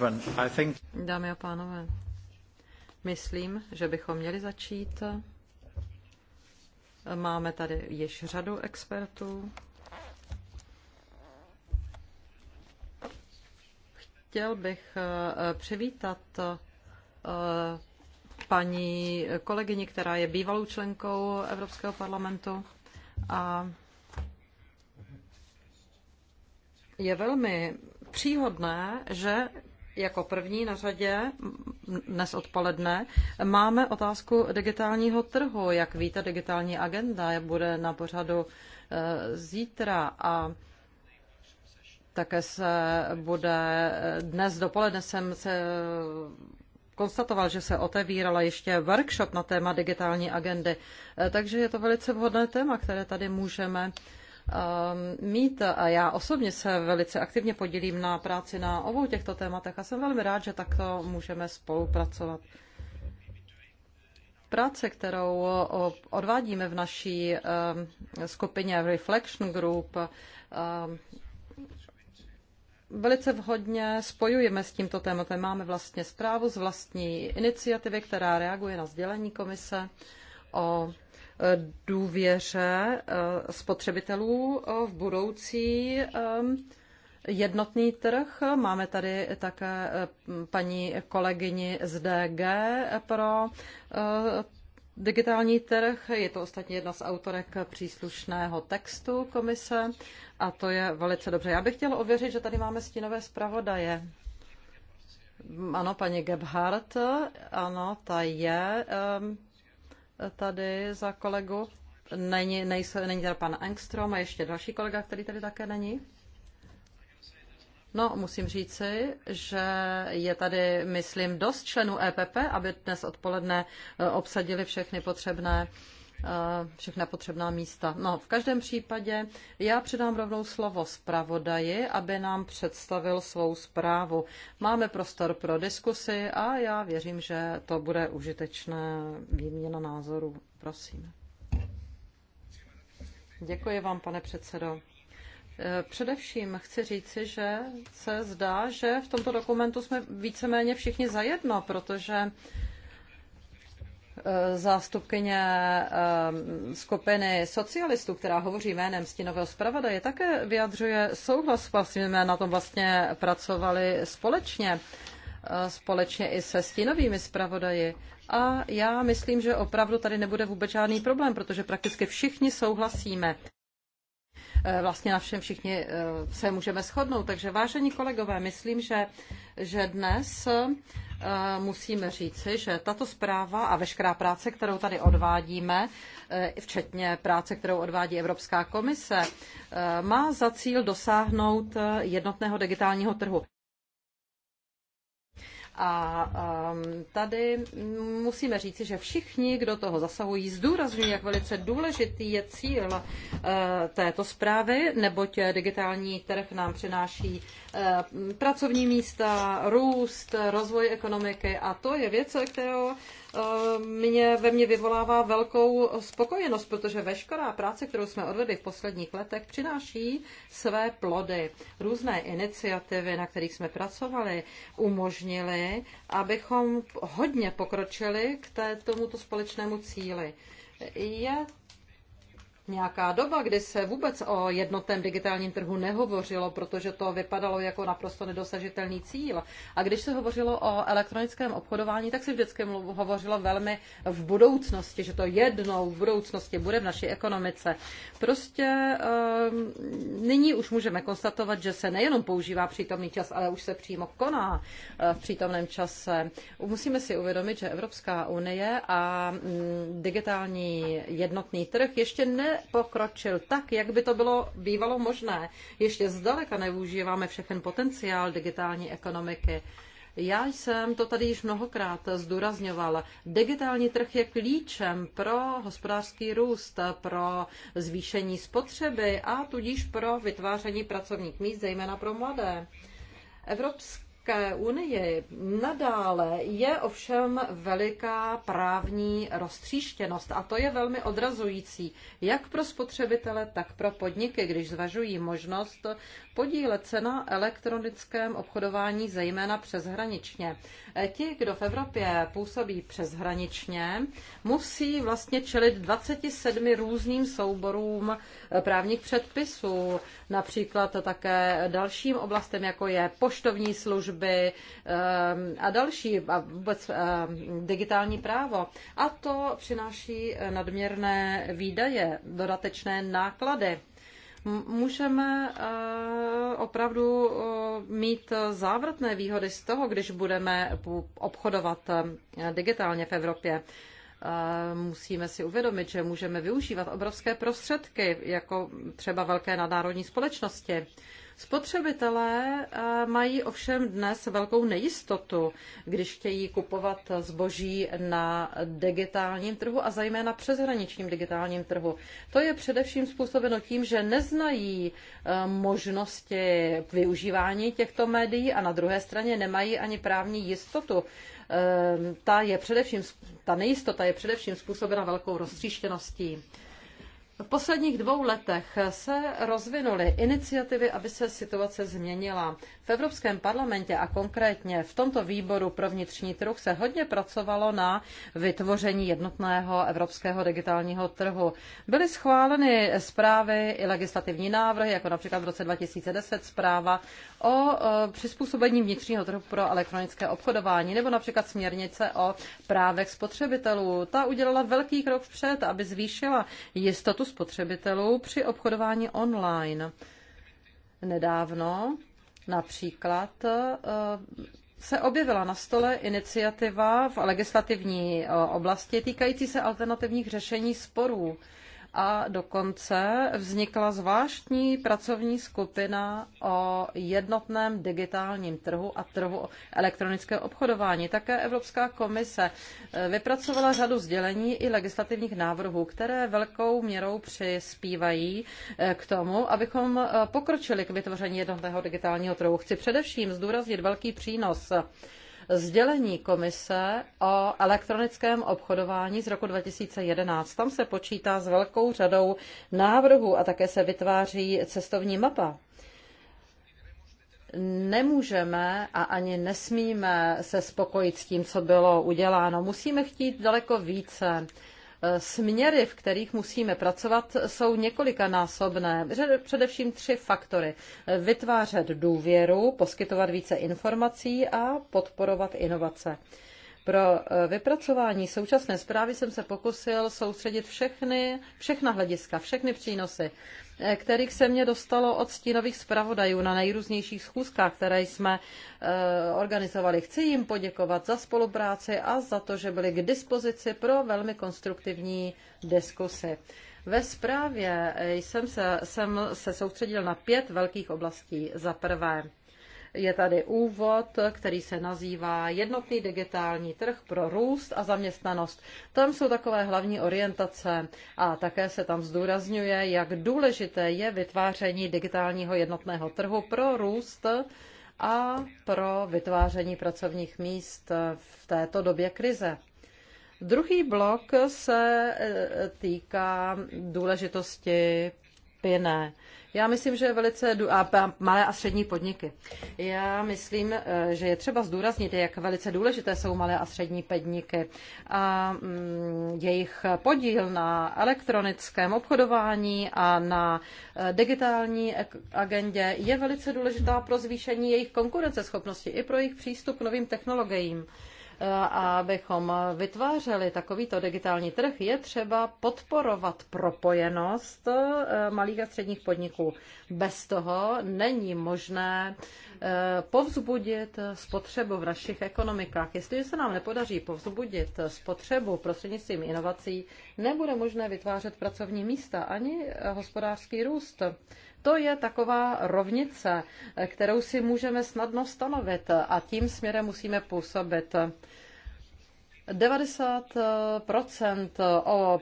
Uh, Dámy a pánové, myslím, že bychom měli začít. Máme tady již řadu expertů. Chtěl bych eh, přivítat eh, paní kolegyni, která je bývalou členkou Evropského parlamentu a je velmi příhodné, že jako první na řadě dnes odpoledne máme otázku digitálního trhu. Jak víte, digitální agenda bude na pořadu eh, zítra a také se bude eh, dnes dopoledne jsem se konstatoval, že se otevírala ještě workshop na téma digitální agendy. Eh, takže je to velice vhodné téma, které tady můžeme ehm, mít. A já osobně se velice aktivně podílím na práci na obou těchto tématech a jsem velmi rád, že takto můžeme spolupracovat. Práce, kterou odvádíme v naší ehm, skupině Reflection Group, ehm, velice vhodně spojujeme s tímto tématem. Máme vlastně zprávu z vlastní iniciativy, která reaguje na sdělení komise o e, důvěře e, spotřebitelů e, v budoucí jednotný trh. Máme tady také paní kolegyni z DG pro digitální trh. Je to ostatně jedna z autorek příslušného textu komise a to je velice dobře. Já bych chtěla ověřit, že tady máme stínové zpravodaje. Ano, paní Gebhardt, ano, ta je um, tady za kolegu. Není, nejsou, není tady pan Engstrom a ještě další kolega, který tady také není. No, musím říci, že je tady, myslím, dost členů EPP, aby dnes odpoledne eh, obsadili všechny potřebné eh, všechna potřebná místa. No, v každém případě já předám rovnou slovo zpravodaji, aby nám představil svou zprávu. Máme prostor pro diskusy a já věřím, že to bude užitečné výměna názoru, Prosím. Děkuji vám, pane předsedo. Eh, především chci říci, že se zdá, že v tomto dokumentu jsme víceméně všichni zajedno, protože eh, zástupkyně eh, skupiny socialistů, která hovoří jménem stínového zpravodaje, také vyjadřuje souhlas, vlastně jsme na tom vlastně pracovali společně, společně i se stínovými zpravodaji. A já myslím, že opravdu tady nebude vůbec žádný problém, protože prakticky všichni souhlasíme. E, vlastně na všem všichni e, se můžeme shodnout. Takže vážení kolegové, myslím, že, že dnes e, musíme říci, že tato zpráva a veškerá práce, kterou tady odvádíme, včetně práce, kterou odvádí Evropská komise, má za cíl dosáhnout jednotného digitálního trhu. A um, tady musíme říci, že všichni, kdo toho zasahují, zdůrazňují, jak velice důležitý je cíl uh, této zprávy, neboť digitální trh nám přináší uh, pracovní místa, růst, rozvoj ekonomiky a to je věc, kterou Eh, mě, ve mně vyvolává velkou spokojenost, protože veškerá práce, kterou jsme odvedli v posledních letech, přináší své plody. Různé iniciativy, na kterých jsme pracovali, umožnily, abychom hodně pokročili k té, tomuto společnému cíli. Je nějaká doba, kdy se vůbec o jednotném digitálním trhu nehovořilo, protože to vypadalo jako naprosto nedosažitelný cíl. A když se hovořilo o elektronickém obchodování, tak se vždycky hovořilo velmi v budoucnosti, že to jednou v budoucnosti bude v naší ekonomice. Prostě ehm, nyní už můžeme konstatovat, že se nejenom používá přítomný čas, ale už se přímo koná eh, v přítomném čase. Musíme si uvědomit, že Evropská unie a mm, digitální jednotný trh ještě ne Pokročil tak, jak by to bylo bývalo možné. Ještě zdaleka nevyužíváme všechen potenciál digitální ekonomiky. Já jsem to tady již mnohokrát zdůrazňovala. Digitální trh je klíčem pro hospodářský růst, pro zvýšení spotřeby a tudíž pro vytváření pracovních míst, zejména pro mladé. Evropská Evropské unii nadále je ovšem veliká právní roztříštěnost a to je velmi odrazující jak pro spotřebitele, tak pro podniky, když zvažují možnost podílet se na elektronickém obchodování, zejména přeshraničně. E, ti, kdo v Evropě působí přeshraničně, musí vlastně čelit 27 různým souborům e, právních předpisů, například také dalším oblastem, jako je poštovní služby e, a další, a vůbec digitální právo. A to přináší nadměrné výdaje, dodatečné náklady můžeme eh, opravdu eh, mít závratné výhody z toho, když budeme obchodovat eh, digitálně v Evropě. Musíme si uvědomit, že můžeme využívat obrovské prostředky, jako třeba velké nadnárodní společnosti. Spotřebitelé eh, mají ovšem dnes velkou nejistotu, když chtějí kupovat zboží na digitálním trhu a zejména přeshraničním digitálním trhu. To je především způsobeno tím, že neznají eh, možnosti využívání těchto médií a na druhé straně nemají ani právní jistotu. Eh, ta, je především, ta nejistota je především způsobena velkou roztříštěností. V posledních dvou letech se rozvinuly iniciativy, aby se situace změnila. V Evropském parlamentě a konkrétně v tomto výboru pro vnitřní trh se hodně pracovalo na vytvoření jednotného evropského digitálního trhu. Byly schváleny zprávy i legislativní návrhy, jako například v roce 2010 zpráva o e, přizpůsobení vnitřního trhu pro elektronické obchodování, nebo například směrnice o právech spotřebitelů. Ta udělala velký krok vpřed, aby zvýšila jistotu spotřebitelů při obchodování online. Nedávno Například eh, se objevila na stole iniciativa v legislativní eh, oblasti týkající se alternativních řešení sporů a dokonce vznikla zvláštní pracovní skupina o jednotném digitálním trhu a trhu elektronického obchodování. Také Evropská komise eh, vypracovala řadu sdělení i legislativních návrhů, které velkou měrou přispívají eh, k tomu, abychom eh, pokročili k vytvoření jednotného digitálního trhu. Chci především zdůraznit velký přínos sdělení komise o elektronickém obchodování z roku 2011. Tam se počítá s velkou řadou návrhů a také se vytváří cestovní mapa nemůžeme a ani nesmíme se spokojit s tím, co bylo uděláno. Musíme chtít daleko více. Eh, směry, v kterých musíme pracovat, jsou několikanásobné. Především tři faktory. Eh, vytvářet důvěru, poskytovat více informací a podporovat inovace. Pro eh, vypracování současné zprávy jsem se pokusil soustředit všechny, všechna hlediska, všechny přínosy, eh, kterých se mě dostalo od stínových zpravodajů na nejrůznějších schůzkách, které jsme eh, organizovali. Chci jim poděkovat za spolupráci a za to, že byli k dispozici pro velmi konstruktivní diskusy. Ve zprávě jsem se, jsem se soustředil na pět velkých oblastí. Za prvé, je tady úvod, který se nazývá Jednotný digitální trh pro růst a zaměstnanost. Tam jsou takové hlavní orientace a také se tam zdůrazňuje, jak důležité je vytváření digitálního jednotného trhu pro růst a pro vytváření pracovních míst v této době krize. Druhý blok se e, týká důležitosti PINE. Já myslím, že je velice a malé a střední podniky. Já myslím, eh, že je třeba zdůraznit, jak velice důležité jsou malé a střední podniky a mm, jejich podíl na elektronickém obchodování a na eh, digitální agendě je velice důležitá pro zvýšení jejich konkurenceschopnosti i pro jejich přístup k novým technologiím a abychom vytvářeli takovýto digitální trh, je třeba podporovat propojenost eh, malých a středních podniků. Bez toho není možné eh, povzbudit spotřebu v našich ekonomikách. Jestliže se nám nepodaří povzbudit spotřebu prostřednictvím inovací, nebude možné vytvářet pracovní místa ani hospodářský růst. To je taková rovnice, kterou si můžeme snadno stanovit a tím směrem musíme působit. 90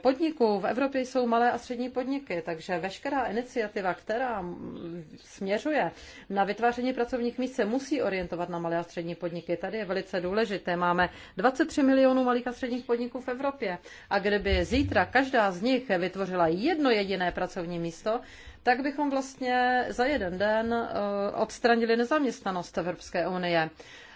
podniků v Evropě jsou malé a střední podniky, takže veškerá iniciativa, která směřuje na vytváření pracovních míst, se musí orientovat na malé a střední podniky. Tady je velice důležité. Máme 23 milionů malých a středních podniků v Evropě a kdyby zítra každá z nich vytvořila jedno jediné pracovní místo, tak bychom vlastně za jeden den eh, odstranili nezaměstnanost Evropské unie.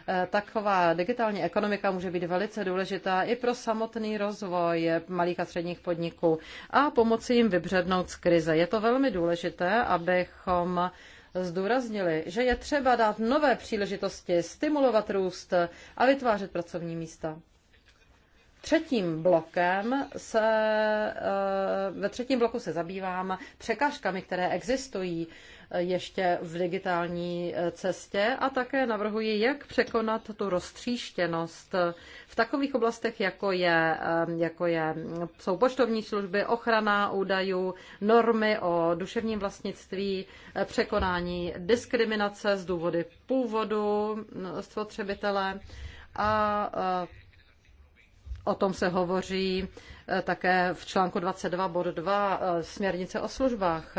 Eh, taková digitální ekonomika může být velice důležitá i pro samotný rozvoj malých a středních podniků a pomoci jim vybřednout z krize. Je to velmi důležité, abychom zdůraznili, že je třeba dát nové příležitosti, stimulovat růst a vytvářet pracovní místa třetím blokem se, eh, ve třetím bloku se zabývám překážkami, které existují eh, ještě v digitální eh, cestě a také navrhuji, jak překonat tu roztříštěnost v takových oblastech, jako, je, jako je, mm, jsou poštovní služby, ochrana údajů, normy o duševním vlastnictví, překonání diskriminace z důvody původu mm, spotřebitele a O tom se hovoří eh, také v článku 22 bod 2 eh, směrnice o službách.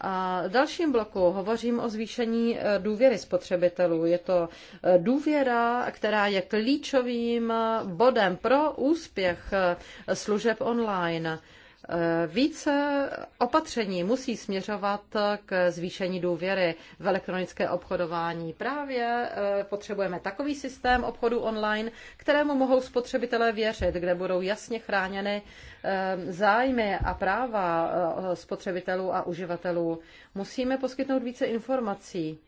A v dalším bloku hovořím o zvýšení eh, důvěry spotřebitelů. Je to důvěra, která je klíčovým bodem pro úspěch služeb online. Eh, více opatření musí směřovat k zvýšení důvěry v elektronické obchodování. Právě eh, potřebujeme takový systém obchodu online, kterému mohou spotřebitelé věřit, kde budou jasně chráněny eh, zájmy a práva spotřebitelů a uživatelů. Musíme poskytnout více informací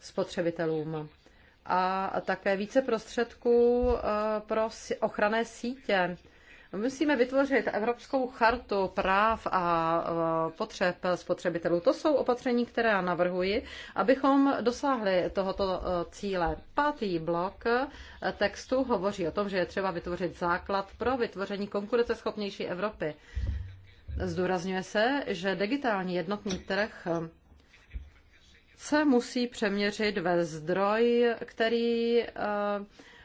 spotřebitelům a také více prostředků pro ochranné sítě Musíme vytvořit Evropskou chartu práv a potřeb spotřebitelů. To jsou opatření, které já navrhuji, abychom dosáhli tohoto e, cíle. Pátý blok e, textu hovoří o tom, že je třeba vytvořit základ pro vytvoření konkurenceschopnější Evropy. Zdůrazňuje se, že digitální jednotný trh e, se musí přeměřit ve zdroj, který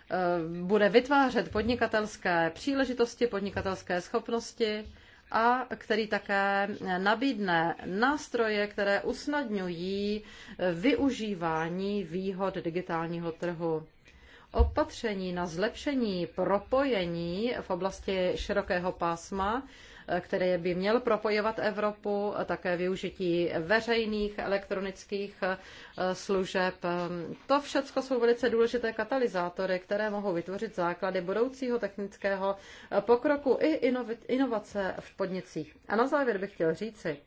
Eh, bude vytvářet podnikatelské příležitosti, podnikatelské schopnosti a který také nabídne nástroje, které usnadňují eh, využívání výhod digitálního trhu. Opatření na zlepšení propojení v oblasti širokého pásma který by měl propojovat Evropu, také využití veřejných elektronických eh, služeb. To všechno jsou velice důležité katalyzátory, které mohou vytvořit základy budoucího technického eh, pokroku i inovace v podnicích. A na závěr bych chtěl říci,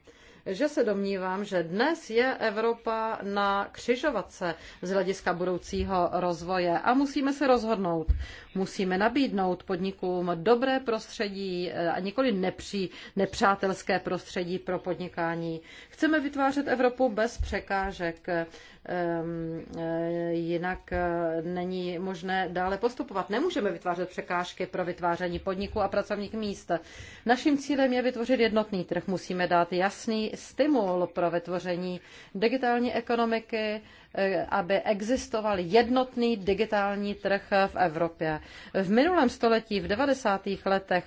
že se domnívám, že dnes je Evropa na křižovatce z hlediska budoucího rozvoje a musíme se rozhodnout. Musíme nabídnout podnikům dobré prostředí eh, a nikoli nepří, nepřátelské prostředí pro podnikání. Chceme vytvářet Evropu bez překážek. Ehm, eh, jinak eh, není možné dále postupovat. Nemůžeme vytvářet překážky pro vytváření podniků a pracovních míst. Naším cílem je vytvořit jednotný trh. Musíme dát jasný stimul pro vytvoření digitální ekonomiky, eh, aby existoval jednotný digitální trh v Evropě. V minulém století, v 90. letech,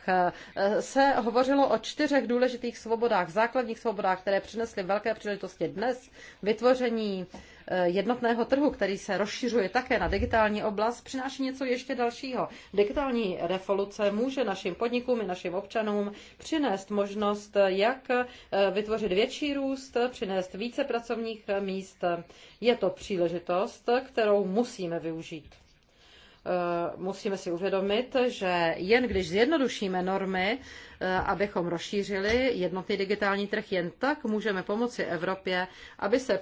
se hovořilo o čtyřech důležitých svobodách, základních svobodách, které přinesly velké příležitosti dnes, vytvoření Eh, jednotného trhu, který se rozšiřuje také na digitální oblast, přináší něco ještě dalšího. Digitální revoluce může našim podnikům i našim občanům přinést možnost, jak eh, vytvořit větší růst, přinést více pracovních míst. Je to příležitost, kterou musíme využít. Eh, musíme si uvědomit, že jen když zjednodušíme normy, eh, abychom rozšířili jednotný digitální trh, jen tak můžeme pomoci Evropě, aby se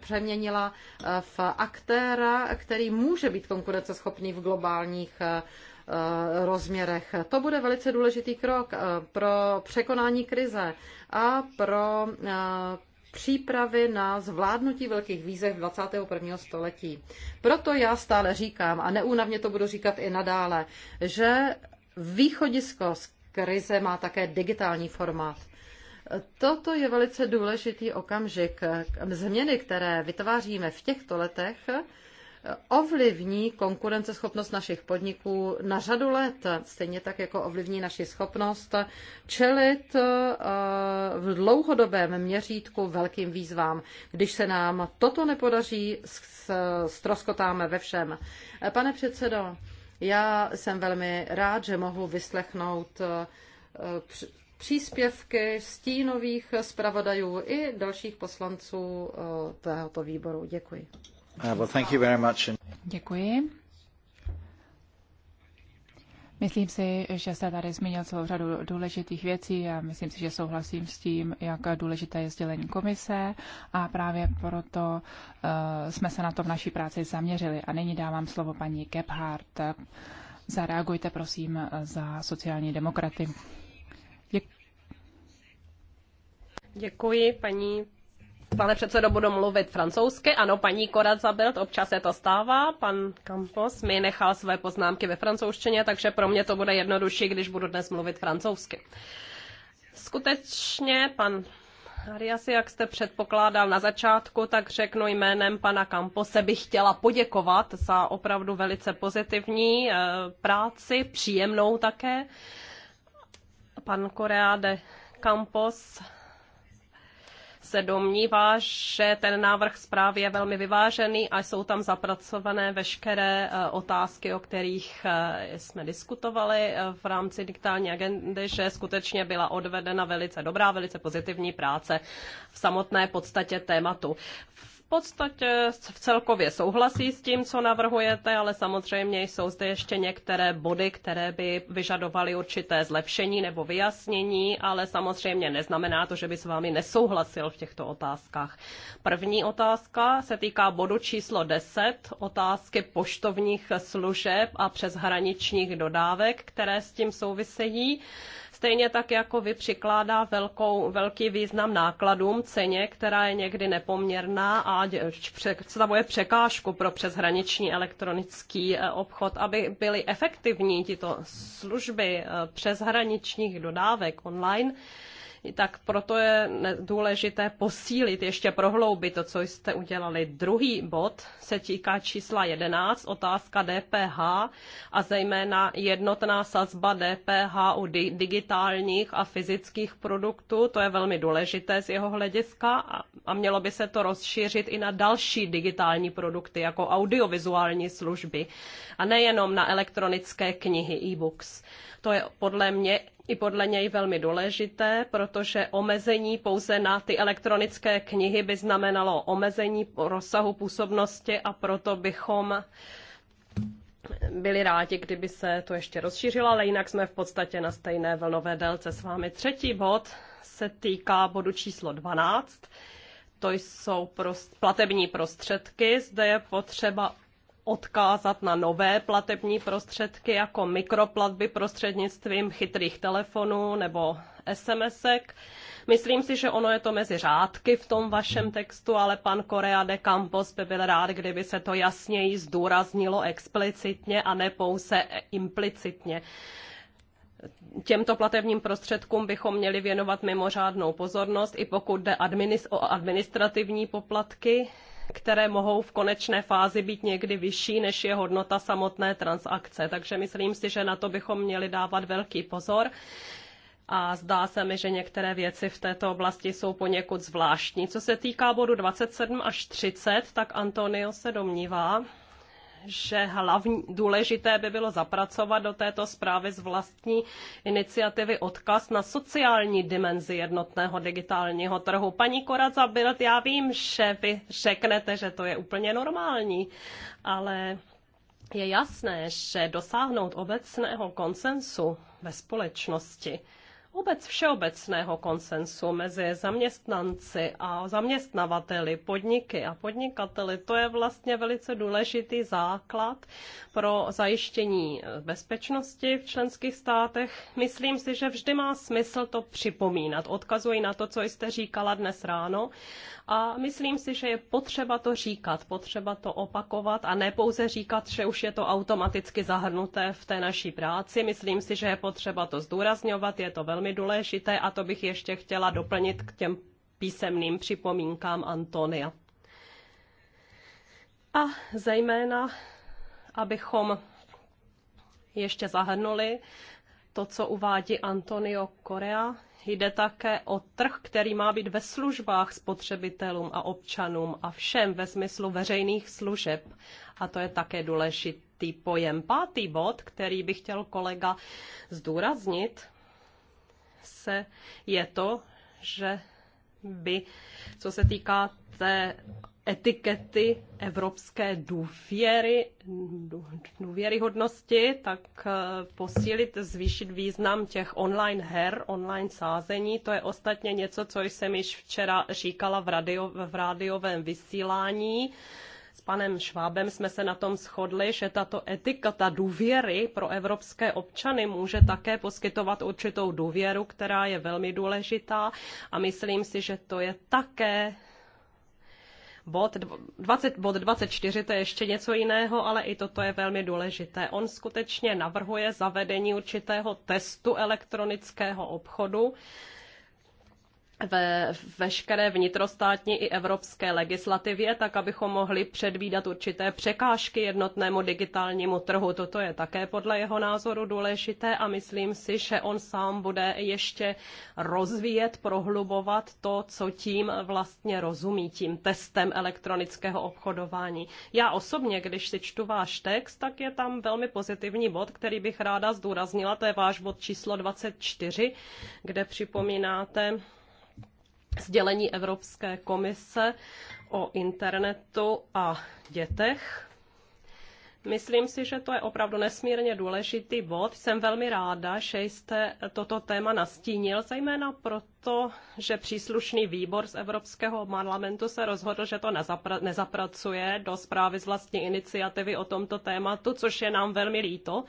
přeměnila eh, v aktéra, který může být konkurenceschopný v globálních rozměrech. To bude velice důležitý krok pro překonání krize a pro přípravy na zvládnutí velkých výzev 21. století. Proto já stále říkám, a neúnavně to budu říkat i nadále, že východisko z krize má také digitální formát. Toto je velice důležitý okamžik. Změny, které vytváříme v těchto letech, ovlivní konkurenceschopnost našich podniků na řadu let, stejně tak jako ovlivní naši schopnost čelit eh, v dlouhodobém měřítku velkým výzvám. Když se nám toto nepodaří, stroskotáme ve všem. Pane předsedo, já jsem velmi rád, že mohu vyslechnout eh, příspěvky stínových zpravodajů i dalších poslanců eh, tohoto výboru. Děkuji. Uh, Děkuji. Myslím si, že jste tady zmínil celou řadu důležitých věcí a myslím si, že souhlasím s tím, jak důležité je sdělení komise a právě proto uh, jsme se na to v naší práci zaměřili. A nyní dávám slovo paní Gebhardt. Zareagujte prosím za sociální demokraty. Děkuji, paní Pane předsedo, budu mluvit francouzsky. Ano, paní Korazabilt, občas se to stává. Pan Campos mi nechal své poznámky ve francouzštině, takže pro mě to bude jednodušší, když budu dnes mluvit francouzsky. Skutečně, pan Arias, jak jste předpokládal na začátku, tak řeknu jménem pana Campose bych chtěla poděkovat za opravdu velice pozitivní eh, práci, příjemnou také. Pan Korea de Campos se domnívá, že ten návrh zprávy je velmi vyvážený a jsou tam zapracované veškeré eh, otázky, o kterých eh, jsme diskutovali eh, v rámci digitální agendy, že skutečně byla odvedena velice dobrá, velice pozitivní práce v samotné podstatě tématu. V podstatě v celkově souhlasí s tím, co navrhujete, ale samozřejmě jsou zde ještě některé body, které by vyžadovaly určité zlepšení nebo vyjasnění, ale samozřejmě neznamená to, že by s vámi nesouhlasil v těchto otázkách. První otázka se týká bodu číslo 10, otázky poštovních služeb a přeshraničních dodávek, které s tím souvisejí. Stejně tak jako vy přikládá velkou, velký význam nákladům, ceně, která je někdy nepoměrná a představuje překážku pro přeshraniční elektronický e, obchod, aby byly efektivní tyto služby e, přeshraničních dodávek online tak proto je důležité posílit, ještě prohloubit to, co jste udělali. Druhý bod se týká čísla 11, otázka DPH a zejména jednotná sazba DPH u digitálních a fyzických produktů. To je velmi důležité z jeho hlediska a, mělo by se to rozšířit i na další digitální produkty, jako audiovizuální služby a nejenom na elektronické knihy e-books. To je podle mě i podle něj velmi důležité, protože omezení pouze na ty elektronické knihy by znamenalo omezení rozsahu působnosti a proto bychom byli rádi, kdyby se to ještě rozšířilo, ale jinak jsme v podstatě na stejné vlnové délce s vámi. Třetí bod se týká bodu číslo 12. To jsou prost, platební prostředky. Zde je potřeba odkázat na nové platební prostředky jako mikroplatby prostřednictvím chytrých telefonů nebo SMSek. Myslím si, že ono je to mezi řádky v tom vašem textu, ale pan Korea de Campos by byl rád, kdyby se to jasněji zdůraznilo explicitně a ne pouze implicitně. Těmto platebním prostředkům bychom měli věnovat mimořádnou pozornost, i pokud jde administ- o administrativní poplatky které mohou v konečné fázi být někdy vyšší, než je hodnota samotné transakce. Takže myslím si, že na to bychom měli dávat velký pozor. A zdá se mi, že některé věci v této oblasti jsou poněkud zvláštní. Co se týká bodu 27 až 30, tak Antonio se domnívá, že hlavní, důležité by bylo zapracovat do této zprávy z vlastní iniciativy odkaz na sociální dimenzi jednotného digitálního trhu. Paní Koraza Bild, já vím, že vy řeknete, že to je úplně normální, ale je jasné, že dosáhnout obecného konsensu ve společnosti vůbec všeobecného konsensu mezi zaměstnanci a zaměstnavateli, podniky a podnikateli. To je vlastně velice důležitý základ pro zajištění bezpečnosti v členských státech. Myslím si, že vždy má smysl to připomínat. Odkazuji na to, co jste říkala dnes ráno. A myslím si, že je potřeba to říkat, potřeba to opakovat a ne pouze říkat, že už je to automaticky zahrnuté v té naší práci. Myslím si, že je potřeba to zdůrazňovat, je to velmi velmi důležité a to bych ještě chtěla doplnit k těm písemným připomínkám Antonia. A zejména, abychom ještě zahrnuli to, co uvádí Antonio Korea, jde také o trh, který má být ve službách spotřebitelům a občanům a všem ve smyslu veřejných služeb. A to je také důležitý pojem. Pátý bod, který bych chtěl kolega zdůraznit, se, je to, že by, co se týká té etikety evropské důvěry, důvěryhodnosti, tak eh, posílit, zvýšit význam těch online her, online sázení. To je ostatně něco, co jsem již včera říkala v, radio, v rádiovém vysílání panem Švábem jsme se na tom shodli, že tato etika, ta důvěry pro evropské občany může také poskytovat určitou důvěru, která je velmi důležitá a myslím si, že to je také bod, 20, bod 24, to je ještě něco jiného, ale i toto je velmi důležité. On skutečně navrhuje zavedení určitého testu elektronického obchodu, ve veškeré vnitrostátní i evropské legislativě, tak abychom mohli předvídat určité překážky jednotnému digitálnímu trhu. Toto je také podle jeho názoru důležité a myslím si, že on sám bude ještě rozvíjet, prohlubovat to, co tím vlastně rozumí, tím testem elektronického obchodování. Já osobně, když si čtu váš text, tak je tam velmi pozitivní bod, který bych ráda zdůraznila, to je váš bod číslo 24, kde připomínáte, sdělení Evropské komise o internetu a dětech. Myslím si, že to je opravdu nesmírně důležitý bod. Jsem velmi ráda, že jste toto téma nastínil, zejména proto, to, že příslušný výbor z Evropského parlamentu se rozhodl, že to nezapra- nezapracuje do zprávy z vlastní iniciativy o tomto tématu, což je nám velmi líto.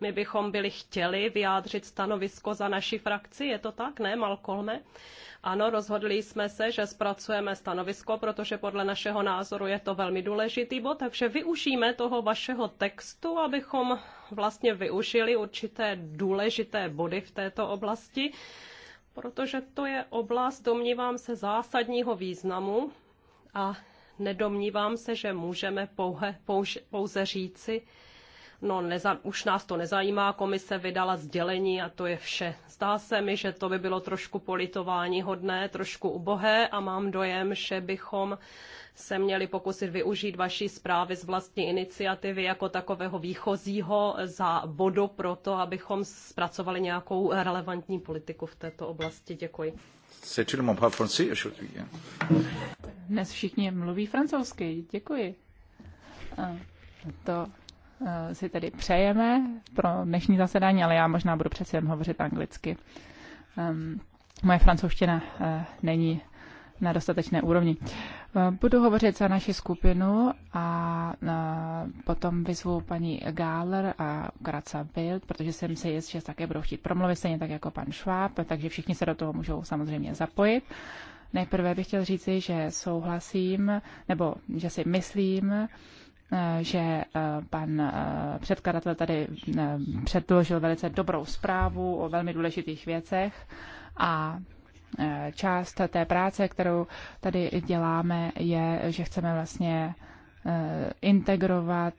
My bychom byli chtěli vyjádřit stanovisko za naši frakci, je to tak, ne, Malkolme? Ano, rozhodli jsme se, že zpracujeme stanovisko, protože podle našeho názoru je to velmi důležitý bod, takže využijeme toho vašeho textu, abychom vlastně využili určité důležité body v této oblasti protože to je oblast, domnívám se, zásadního významu a nedomnívám se, že můžeme pouze, pouze říci, no neza, už nás to nezajímá, komise vydala sdělení a to je vše. Zdá se mi, že to by bylo trošku politování hodné, trošku ubohé a mám dojem, že bychom se měli pokusit využít vaší zprávy z vlastní iniciativy jako takového výchozího za bodu pro to, abychom zpracovali nějakou relevantní politiku v této oblasti. Děkuji. Dnes všichni mluví francouzsky, děkuji. A to Eh, si tedy přejeme pro dnešní zasedání, ale já možná budu přeci jen hovořit anglicky. Moje francouzština eh, není na dostatečné úrovni. Eh, budu hovořit za naši skupinu a potom vyzvu paní Gáler a Graca Bild, protože jsem si jist, že také budou chtít promluvit, stejně tak jako pan Schwab, takže všichni se do toho můžou samozřejmě zapojit. Nejprve bych chtěl říci, že souhlasím, nebo že si myslím, Eh, že eh, pan eh, předkladatel tady předložil velice dobrou zprávu o velmi důležitých věcech a část té práce, kterou tady děláme, je, že chceme vlastně integrovat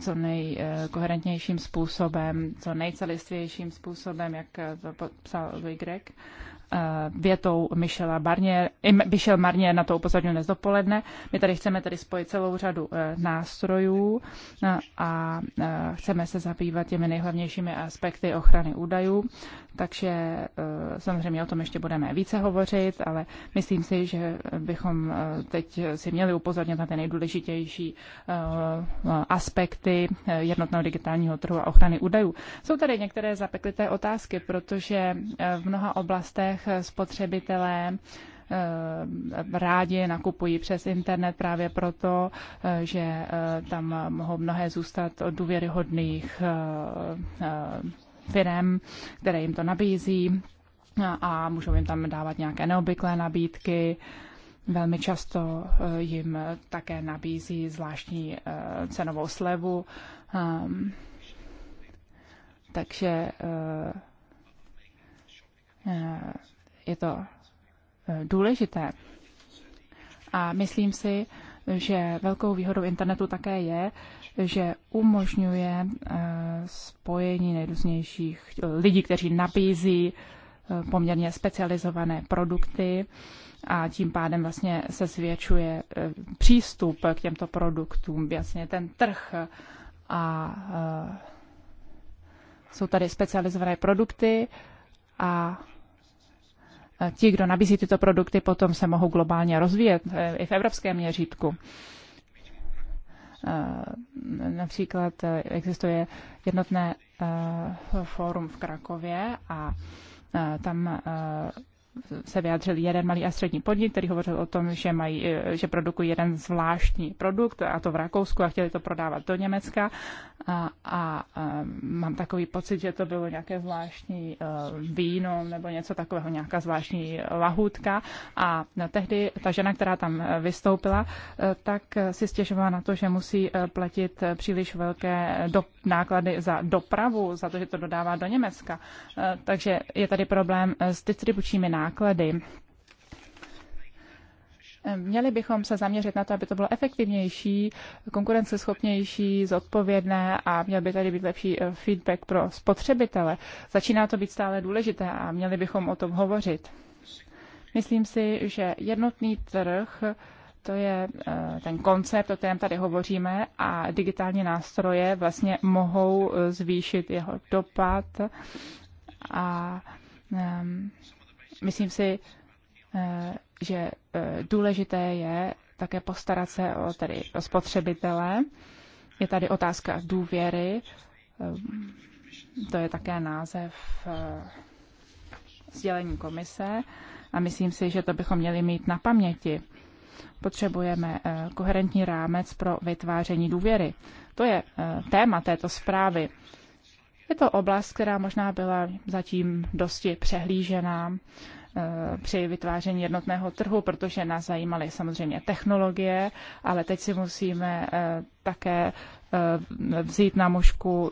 co nejkoherentnějším způsobem, co nejcelistvějším způsobem, jak to popsal Louis Eh, větou Michela Barnier, Michel Barnier na to upozornil dnes dopoledne. My tady chceme tady spojit celou řadu eh, nástrojů eh, a chceme se zabývat těmi nejhlavnějšími aspekty ochrany údajů, takže samozřejmě o tom ještě budeme více hovořit, ale myslím si, že bychom teď si měli upozornit na ty nejdůležitější aspekty jednotného digitálního trhu a ochrany údajů. Jsou tady některé zapeklité otázky, protože v mnoha oblastech případech spotřebitelé eh, rádi nakupují přes internet právě proto, eh, že eh, tam mohou mnohé zůstat od důvěryhodných firm, které jim to nabízí a můžou jim tam dávat nějaké neobvyklé nabídky. Velmi často jim také nabízí zvláštní cenovou slevu. Ehm, takže Eh, je to eh, důležité. A myslím si, že velkou výhodou internetu také je, že umožňuje eh, spojení nejrůznějších lidí, kteří nabízí poměrně specializované produkty a tím pádem vlastně se zvětšuje přístup k těmto produktům, vlastně ten trh a jsou tady specializované produkty a Eh, ti, kdo nabízí tyto produkty, potom se mohou globálně rozvíjet eh, i v evropském měřítku. Eh, například existuje jednotné fórum v Krakově a tam se vyjádřil jeden malý a střední podnik, který hovořil o tom, že, mají, e, že produkují jeden zvláštní produkt, a to v Rakousku, a chtěli to prodávat do Německa. A, a, a e, mám takový pocit, že to bylo nějaké zvláštní e, víno nebo něco takového, nějaká zvláštní lahůdka. A no, tehdy ta žena, která tam vystoupila, tak si stěžovala na to, že musí platit příliš velké do, náklady za dopravu, za to, že to dodává do Německa. Takže je tady problém s distribučními náklady náklady. Měli bychom se zaměřit na to, aby to bylo efektivnější, konkurenceschopnější, zodpovědné a měl by tady být lepší eh, feedback pro spotřebitele. Začíná to být stále důležité a měli bychom o tom hovořit. Myslím si, že jednotný trh to je eh, ten koncept, o kterém tady hovoříme, a digitální nástroje vlastně mohou eh, zvýšit jeho dopad a ehm, Myslím si, eh, že eh, důležité je také postarat se o tedy o spotřebitele. Je tady otázka důvěry. Eh, to je také název sdělení komise a myslím si, že to bychom měli mít na paměti. Potřebujeme koherentní rámec pro vytváření důvěry. To je téma této zprávy. Je to oblast, která možná byla zatím dosti přehlížená eh, při vytváření jednotného trhu, protože nás zajímaly samozřejmě technologie, ale teď si musíme eh, také eh, vzít na mužku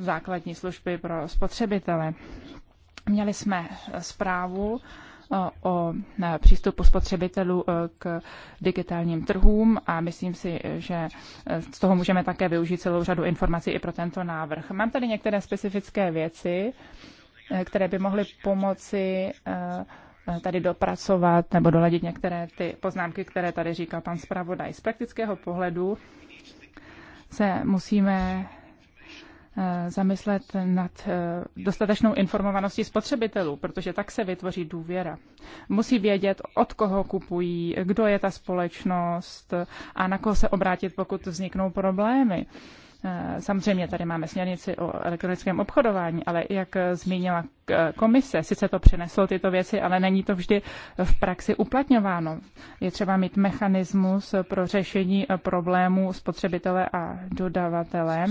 základní služby pro spotřebitele. Měli jsme zprávu o e, přístupu spotřebitelů e, k digitálním trhům a myslím si, že e, z toho můžeme také využít celou řadu informací i pro tento návrh. Mám tady některé specifické věci, které by mohly pomoci tady dopracovat nebo doladit některé ty poznámky, které tady říkal pan zpravodaj. Z praktického pohledu se musíme Eh, zamyslet nad eh, dostatečnou informovaností spotřebitelů, protože tak se vytvoří důvěra. Musí vědět, od koho kupují, kdo je ta společnost a na koho se obrátit, pokud vzniknou problémy. Samozřejmě tady máme směrnici o elektronickém obchodování, ale jak zmínila eh, komise, sice to přineslo tyto věci, ale není to vždy v praxi uplatňováno. Je třeba mít mechanismus pro řešení problémů spotřebitele a dodavatele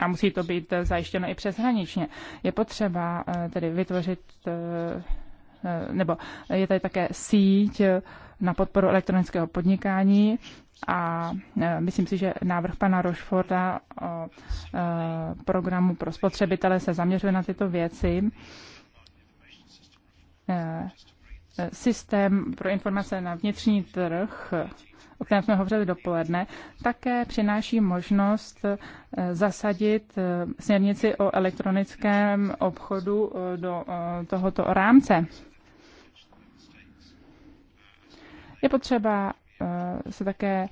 a musí to být zajištěno i přeshraničně. Je potřeba eh, tedy vytvořit eh, nebo je tady také síť na podporu elektronického podnikání a e, myslím si, že návrh pana Rošforda o e, programu pro spotřebitele se zaměřuje na tyto věci. E, systém pro informace na vnitřní trh o kterém jsme hovořili dopoledne, také přináší možnost zasadit směrnici o elektronickém obchodu do tohoto rámce. Je potřeba eh, se také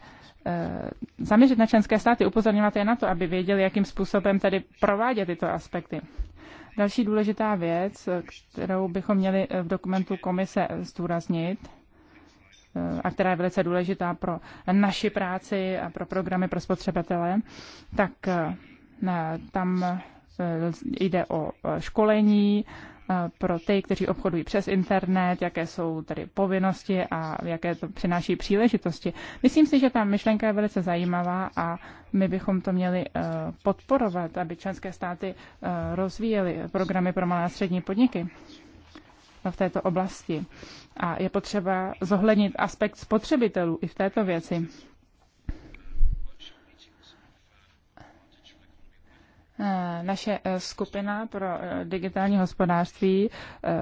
eh, zaměřit na členské státy, upozorňovat je na to, aby věděli, jakým způsobem tady provádět tyto aspekty. Další důležitá věc, kterou bychom měli eh, v dokumentu komise zdůraznit, a která je velice důležitá pro naši práci a pro programy pro spotřebitele, tak tam jde o školení, Eh, pro ty, kteří obchodují přes internet, jaké jsou tedy povinnosti a jaké to přináší příležitosti. Myslím si, že ta myšlenka je velice zajímavá a my bychom to měli eh, podporovat, aby členské státy eh, rozvíjely programy pro malé a střední podniky v této oblasti. A je potřeba zohlednit aspekt spotřebitelů i v této věci. Eh, naše eh, skupina pro eh, digitální hospodářství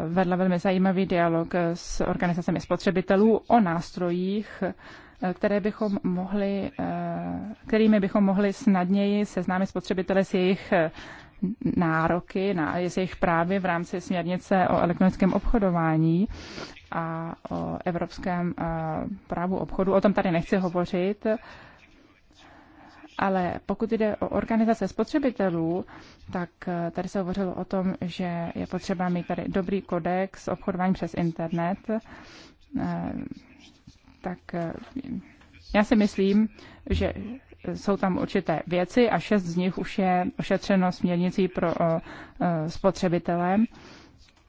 vedla velmi zajímavý dialog s organizacemi spotřebitelů o nástrojích, které bychom mohli, kterými bychom mohli snadněji seznámit spotřebitele s jejich nároky, na, s jejich právy v rámci směrnice o elektronickém obchodování a o evropském právu obchodu. O tom tady nechci hovořit. Ale pokud jde o organizace spotřebitelů, tak eh, tady se hovořilo o tom, že je potřeba mít tady dobrý kodex obchodování přes internet. Eh, tak eh, já si myslím, že jsou tam určité věci a šest z nich už je ošetřeno směrnicí pro spotřebitele.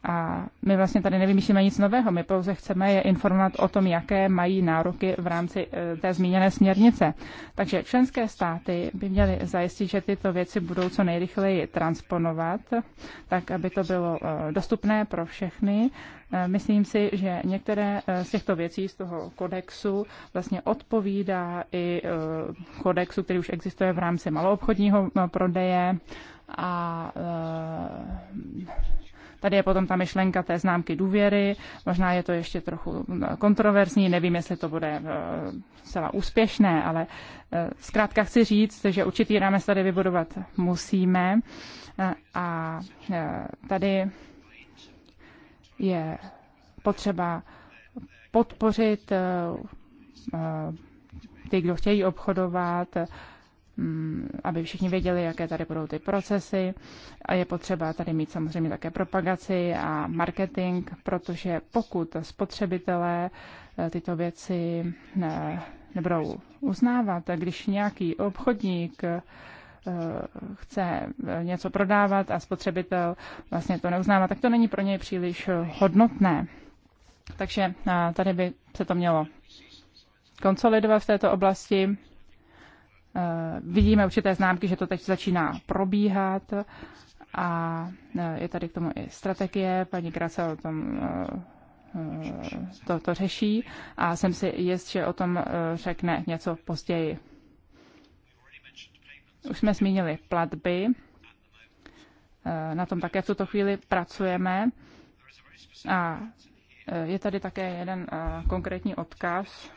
A my vlastně tady nevymýšlíme nic nového, my pouze chceme je informovat o tom, jaké mají nároky v rámci e, té zmíněné směrnice. Takže členské státy by měly zajistit, že tyto věci budou co nejrychleji transponovat, tak aby to bylo e, dostupné pro všechny. E, myslím si, že některé z těchto věcí z toho kodexu vlastně odpovídá i kodexu, který už existuje v rámci maloobchodního prodeje a Tady je potom ta myšlenka té známky důvěry, možná je to ještě trochu mm, kontroverzní, nevím, jestli to bude eh, zcela úspěšné, ale eh, zkrátka chci říct, že určitý rámec tady vybudovat musíme eh, a tady je potřeba podpořit ty, kdo chtějí obchodovat, Mm, aby všichni věděli, jaké tady budou ty procesy. A je potřeba tady mít samozřejmě také propagaci a marketing, protože pokud spotřebitelé eh, tyto věci ne, nebudou uznávat, když nějaký obchodník eh, chce něco prodávat a spotřebitel vlastně to neuznává, tak to není pro něj příliš hodnotné. Takže eh, tady by se to mělo konsolidovat v této oblasti Eh, vidíme určité známky, že to teď začíná probíhat a eh, je tady k tomu i strategie, paní Krasa o tom eh, to, to řeší a jsem si jist, že o tom řekne něco později. Už jsme zmínili platby, na tom také v tuto chvíli pracujeme a je tady také jeden konkrétní odkaz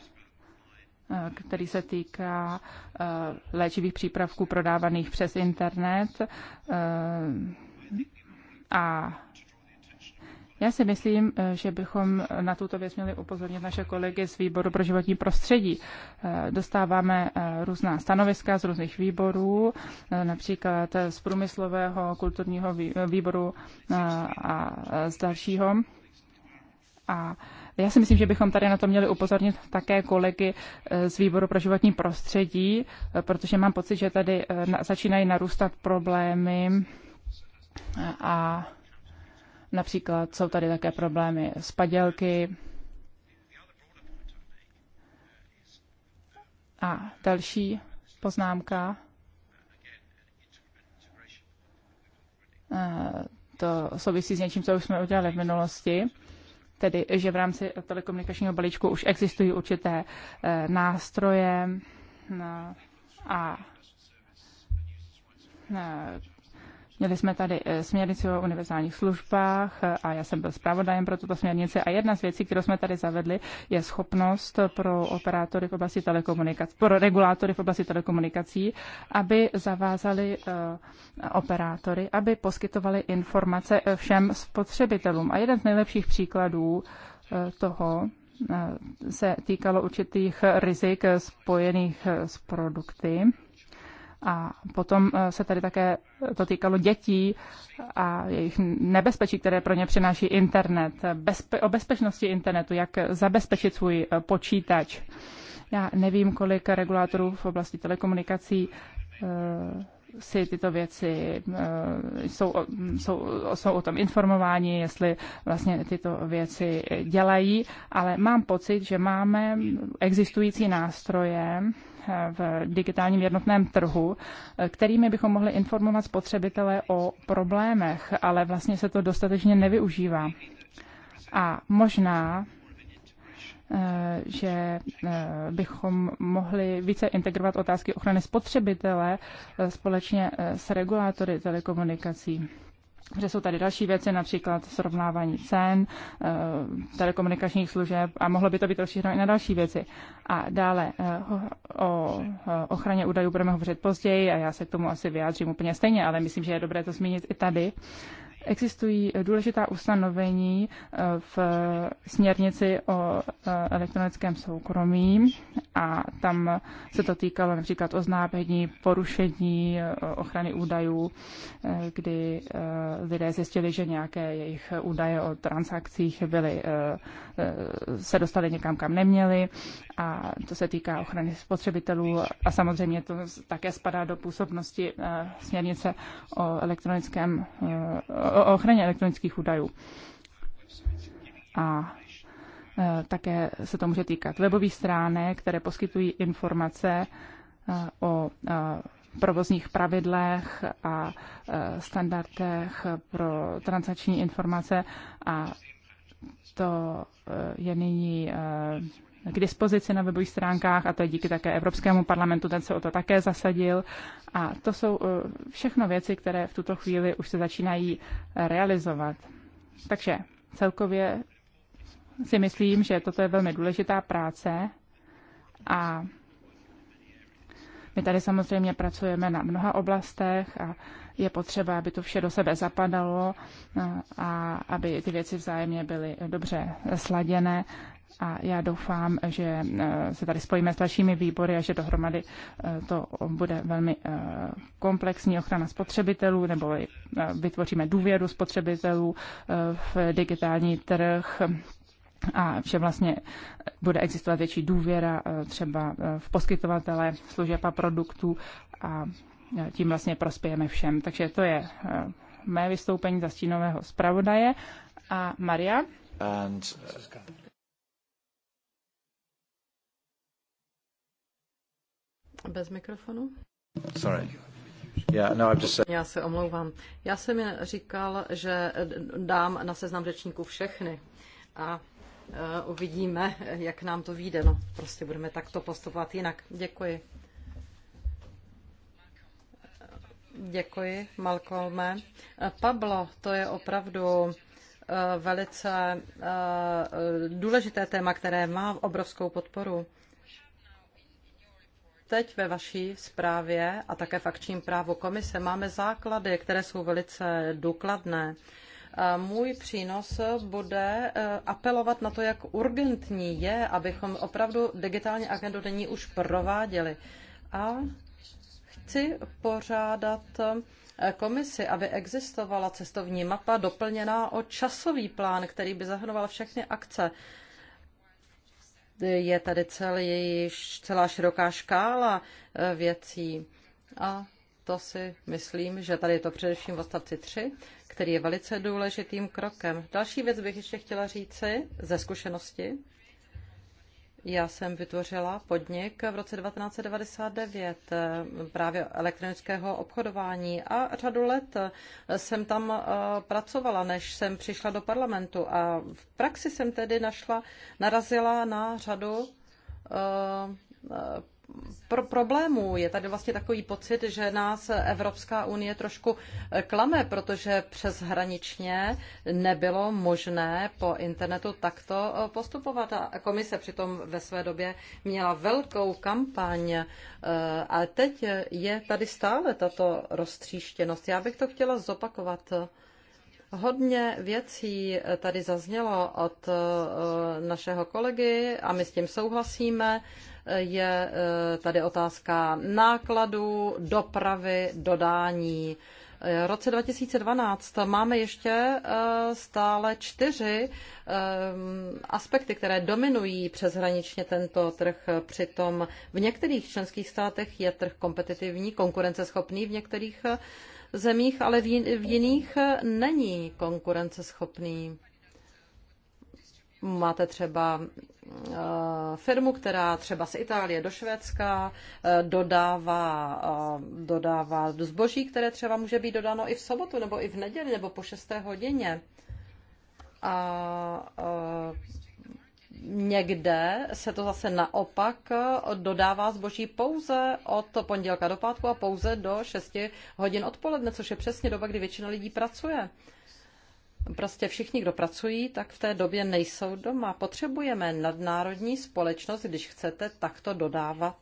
Eh, který se týká eh, léčivých přípravků prodávaných přes internet. Eh, a já si myslím, že bychom na tuto věc měli upozornit naše kolegy z výboru pro životní prostředí. Dostáváme různá stanoviska z různých výborů, například z průmyslového kulturního výboru a z dalšího. A já si myslím, že bychom tady na to měli upozornit také kolegy eh, z výboru pro životní prostředí, eh, protože mám pocit, že tady eh, začínají narůstat problémy a například jsou tady také problémy s padělky a další poznámka. To souvisí s něčím, co už jsme udělali v minulosti tedy že v rámci telekomunikačního balíčku už existují určité eh, nástroje eh, a eh, Měli jsme tady eh, směrnici o univerzálních službách eh, a já jsem byl zpravodajem pro tuto směrnici a jedna z věcí, kterou jsme tady zavedli, je schopnost pro operátory v oblasti telekomunikací, pro regulátory v oblasti telekomunikací, aby zavázali eh, operátory, aby poskytovali informace všem spotřebitelům. A jeden z nejlepších příkladů toho, se týkalo určitých rizik spojených s produkty. A potom eh, se tady také to týkalo dětí a jejich nebezpečí, které pro ně přináší internet, bezpe- o bezpečnosti internetu, jak zabezpečit svůj eh, počítač. Já nevím, kolik regulátorů v oblasti telekomunikací eh, si tyto věci jsou, jsou, jsou o tom informováni, jestli vlastně tyto věci dělají, ale mám pocit, že máme existující nástroje, v digitálním jednotném trhu, kterými bychom mohli informovat spotřebitele o problémech, ale vlastně se to dostatečně nevyužívá. A možná eh, že eh, bychom mohli více integrovat otázky ochrany spotřebitele eh, společně s regulátory telekomunikací že jsou tady další věci, například srovnávání cen, eh, telekomunikačních služeb a mohlo by to být rozšířeno i na další věci. A dále eh, o eh, ochraně údajů budeme hovořit později a já se k tomu asi vyjádřím úplně stejně, ale myslím, že je dobré to zmínit i tady. Existují eh, důležitá ustanovení eh, v eh, směrnici o elektronickém soukromí a tam se to týkalo například oznámení, porušení ochrany údajů, kdy lidé zjistili, že nějaké jejich údaje o transakcích byly, se dostaly někam, kam neměli a to se týká ochrany spotřebitelů a samozřejmě to také spadá do působnosti směrnice o elektronickém o ochraně elektronických údajů. A e, také se to může týkat webových stránek, které poskytují informace e, o e, provozních pravidlech a standardech pro transakční informace a to je nyní k dispozici na webových stránkách a to je díky také Evropskému parlamentu, ten se o to také zasadil. A to jsou eh, všechno věci, které v tuto chvíli už se začínají realizovat. Takže celkově si myslím, že toto je velmi důležitá práce a my tady samozřejmě pracujeme na mnoha oblastech a je potřeba, aby to vše do sebe zapadalo eh, a aby ty věci vzájemně byly dobře sladěné a já doufám, že eh, se tady spojíme s dalšími výbory a že dohromady eh, to bude velmi eh, komplexní ochrana spotřebitelů nebo vytvoříme důvěru spotřebitelů v digitální trh a že vlastně bude existovat větší důvěra třeba v poskytovatele služeb a produktů a tím vlastně prospějeme všem. Takže to je mé vystoupení za stínového zpravodaje. A Maria? And, uh... Bez mikrofonu. Sorry. Yeah, no, I'm just... Já se omlouvám. Já jsem jen říkal, že dám na seznam řečníků všechny a uh, uvidíme, jak nám to vyjde. No, prostě budeme takto postupovat jinak. Děkuji. Děkuji, Malcolme. E, Pablo, to je opravdu e, velice důležité téma, které má obrovskou podporu. Teď ve vaší zprávě a také v akčním právu komise máme základy, které jsou velice důkladné. Můj přínos bude e, apelovat na to, jak urgentní je, abychom opravdu digitální agendu denní už prováděli. A chci pořádat e, komisi, aby existovala cestovní mapa doplněná o časový plán, který by zahrnoval všechny akce je tady celý, celá široká škála eh, věcí. A to si myslím, že tady je to především v odstavci 3, který je velice důležitým krokem. Další věc bych ještě chtěla říci ze zkušenosti, já jsem vytvořila podnik v roce 1999 eh, právě elektronického obchodování a řadu let eh, jsem tam eh, pracovala, než jsem přišla do parlamentu a v praxi jsem tedy našla, narazila na řadu pro problémů. Je tady vlastně takový pocit, že nás Evropská unie trošku eh, klame, protože přeshraničně nebylo možné po internetu takto eh, postupovat. A komise přitom ve své době měla velkou kampaň, eh, ale teď je tady stále tato roztříštěnost. Já bych to chtěla zopakovat Hodně věcí tady zaznělo od eh, našeho kolegy a my s tím souhlasíme. Je eh, tady otázka nákladů, dopravy, dodání. Eh, v roce 2012 máme ještě stále čtyři aspekty, které dominují přeshraničně tento trh. Přitom v některých členských státech je trh kompetitivní, konkurenceschopný, v některých zemích, ale v jiných není konkurenceschopný. Máte třeba eh, firmu, která třeba z Itálie do Švédska eh, dodává, eh, dodává zboží, které třeba může být dodáno i v sobotu, nebo i v neděli, nebo po šesté hodině. A Někde se to zase naopak dodává zboží pouze od pondělka do pátku a pouze do 6 hodin odpoledne, což je přesně doba, kdy většina lidí pracuje. Prostě všichni, kdo pracují, tak v té době nejsou doma. Potřebujeme nadnárodní společnost, když chcete takto dodávat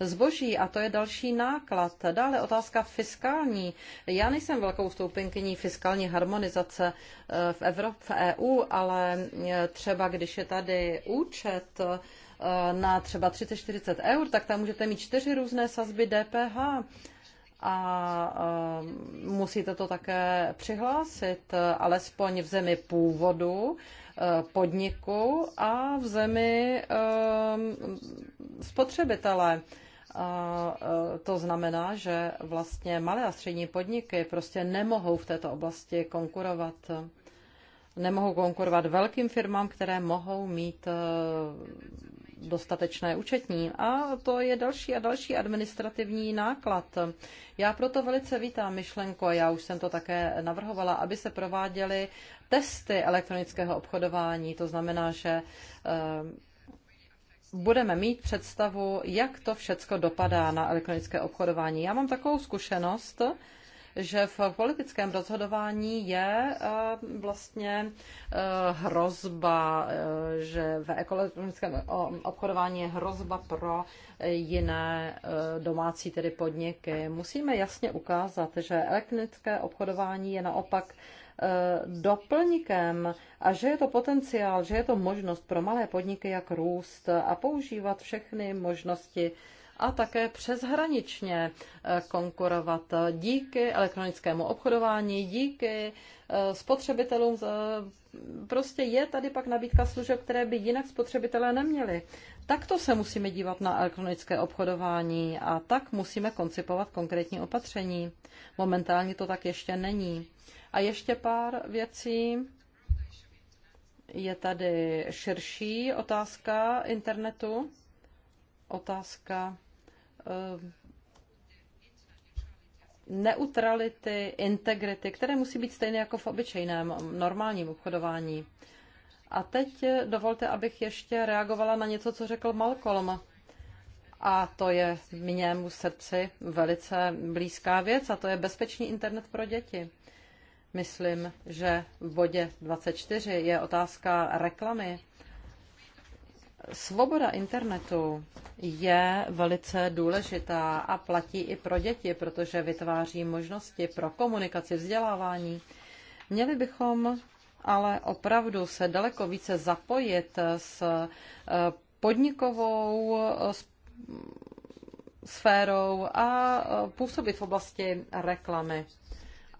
zboží. A to je další náklad. Dále otázka fiskální. Já nejsem velkou stoupenkyní fiskální harmonizace eh, v, Evropě, v EU, ale eh, třeba když je tady účet, eh, na třeba 30-40 eur, tak tam můžete mít čtyři různé sazby DPH a eh, musíte to také přihlásit alespoň v zemi původu eh, podniku a v zemi eh, spotřebitele. A to znamená, že vlastně malé a střední podniky prostě nemohou v této oblasti konkurovat. Nemohou konkurovat velkým firmám, které mohou mít dostatečné účetní. A to je další a další administrativní náklad. Já proto velice vítám myšlenko, já už jsem to také navrhovala, aby se prováděly testy elektronického obchodování. To znamená, že eh, budeme mít představu, jak to všecko dopadá na elektronické obchodování. Já mám takovou zkušenost, že v politickém rozhodování je eh, vlastně eh, hrozba, eh, že v ekologickém obchodování je hrozba pro jiné domácí tedy podniky. Musíme jasně ukázat, že elektronické obchodování je naopak doplníkem a že je to potenciál, že je to možnost pro malé podniky, jak růst a používat všechny možnosti a také přeshraničně eh, konkurovat díky elektronickému obchodování, díky eh, spotřebitelům. Eh, prostě je tady pak nabídka služeb, které by jinak spotřebitelé neměli. Takto se musíme dívat na elektronické obchodování a tak musíme koncipovat konkrétní opatření. Momentálně to tak ještě není. A ještě pár věcí. Je tady širší otázka internetu otázka eh, neutrality, integrity, které musí být stejné jako v obyčejném normálním obchodování. A teď eh, dovolte, abych ještě reagovala na něco, co řekl Malcolm. A to je mnému srdci velice blízká věc, a to je bezpečný internet pro děti. Myslím, že v bodě 24 je otázka reklamy Svoboda internetu je velice důležitá a platí i pro děti, protože vytváří možnosti pro komunikaci, vzdělávání. Měli bychom ale opravdu se daleko více zapojit s eh, podnikovou eh, sférou a eh, působit v oblasti reklamy.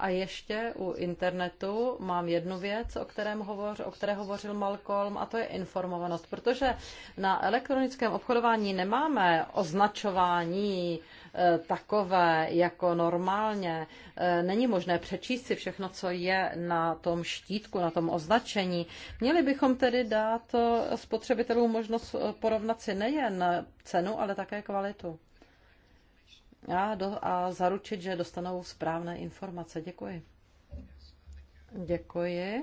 A ještě u internetu mám jednu věc, o, kterém hovoř, o které hovořil Malcolm, a to je informovanost. Protože na elektronickém obchodování nemáme označování e, takové jako normálně. E, není možné přečíst si všechno, co je na tom štítku, na tom označení. Měli bychom tedy dát e, spotřebitelům možnost porovnat si nejen cenu, ale také kvalitu a, do, a zaručit, že dostanou správné informace. Děkuji. Děkuji.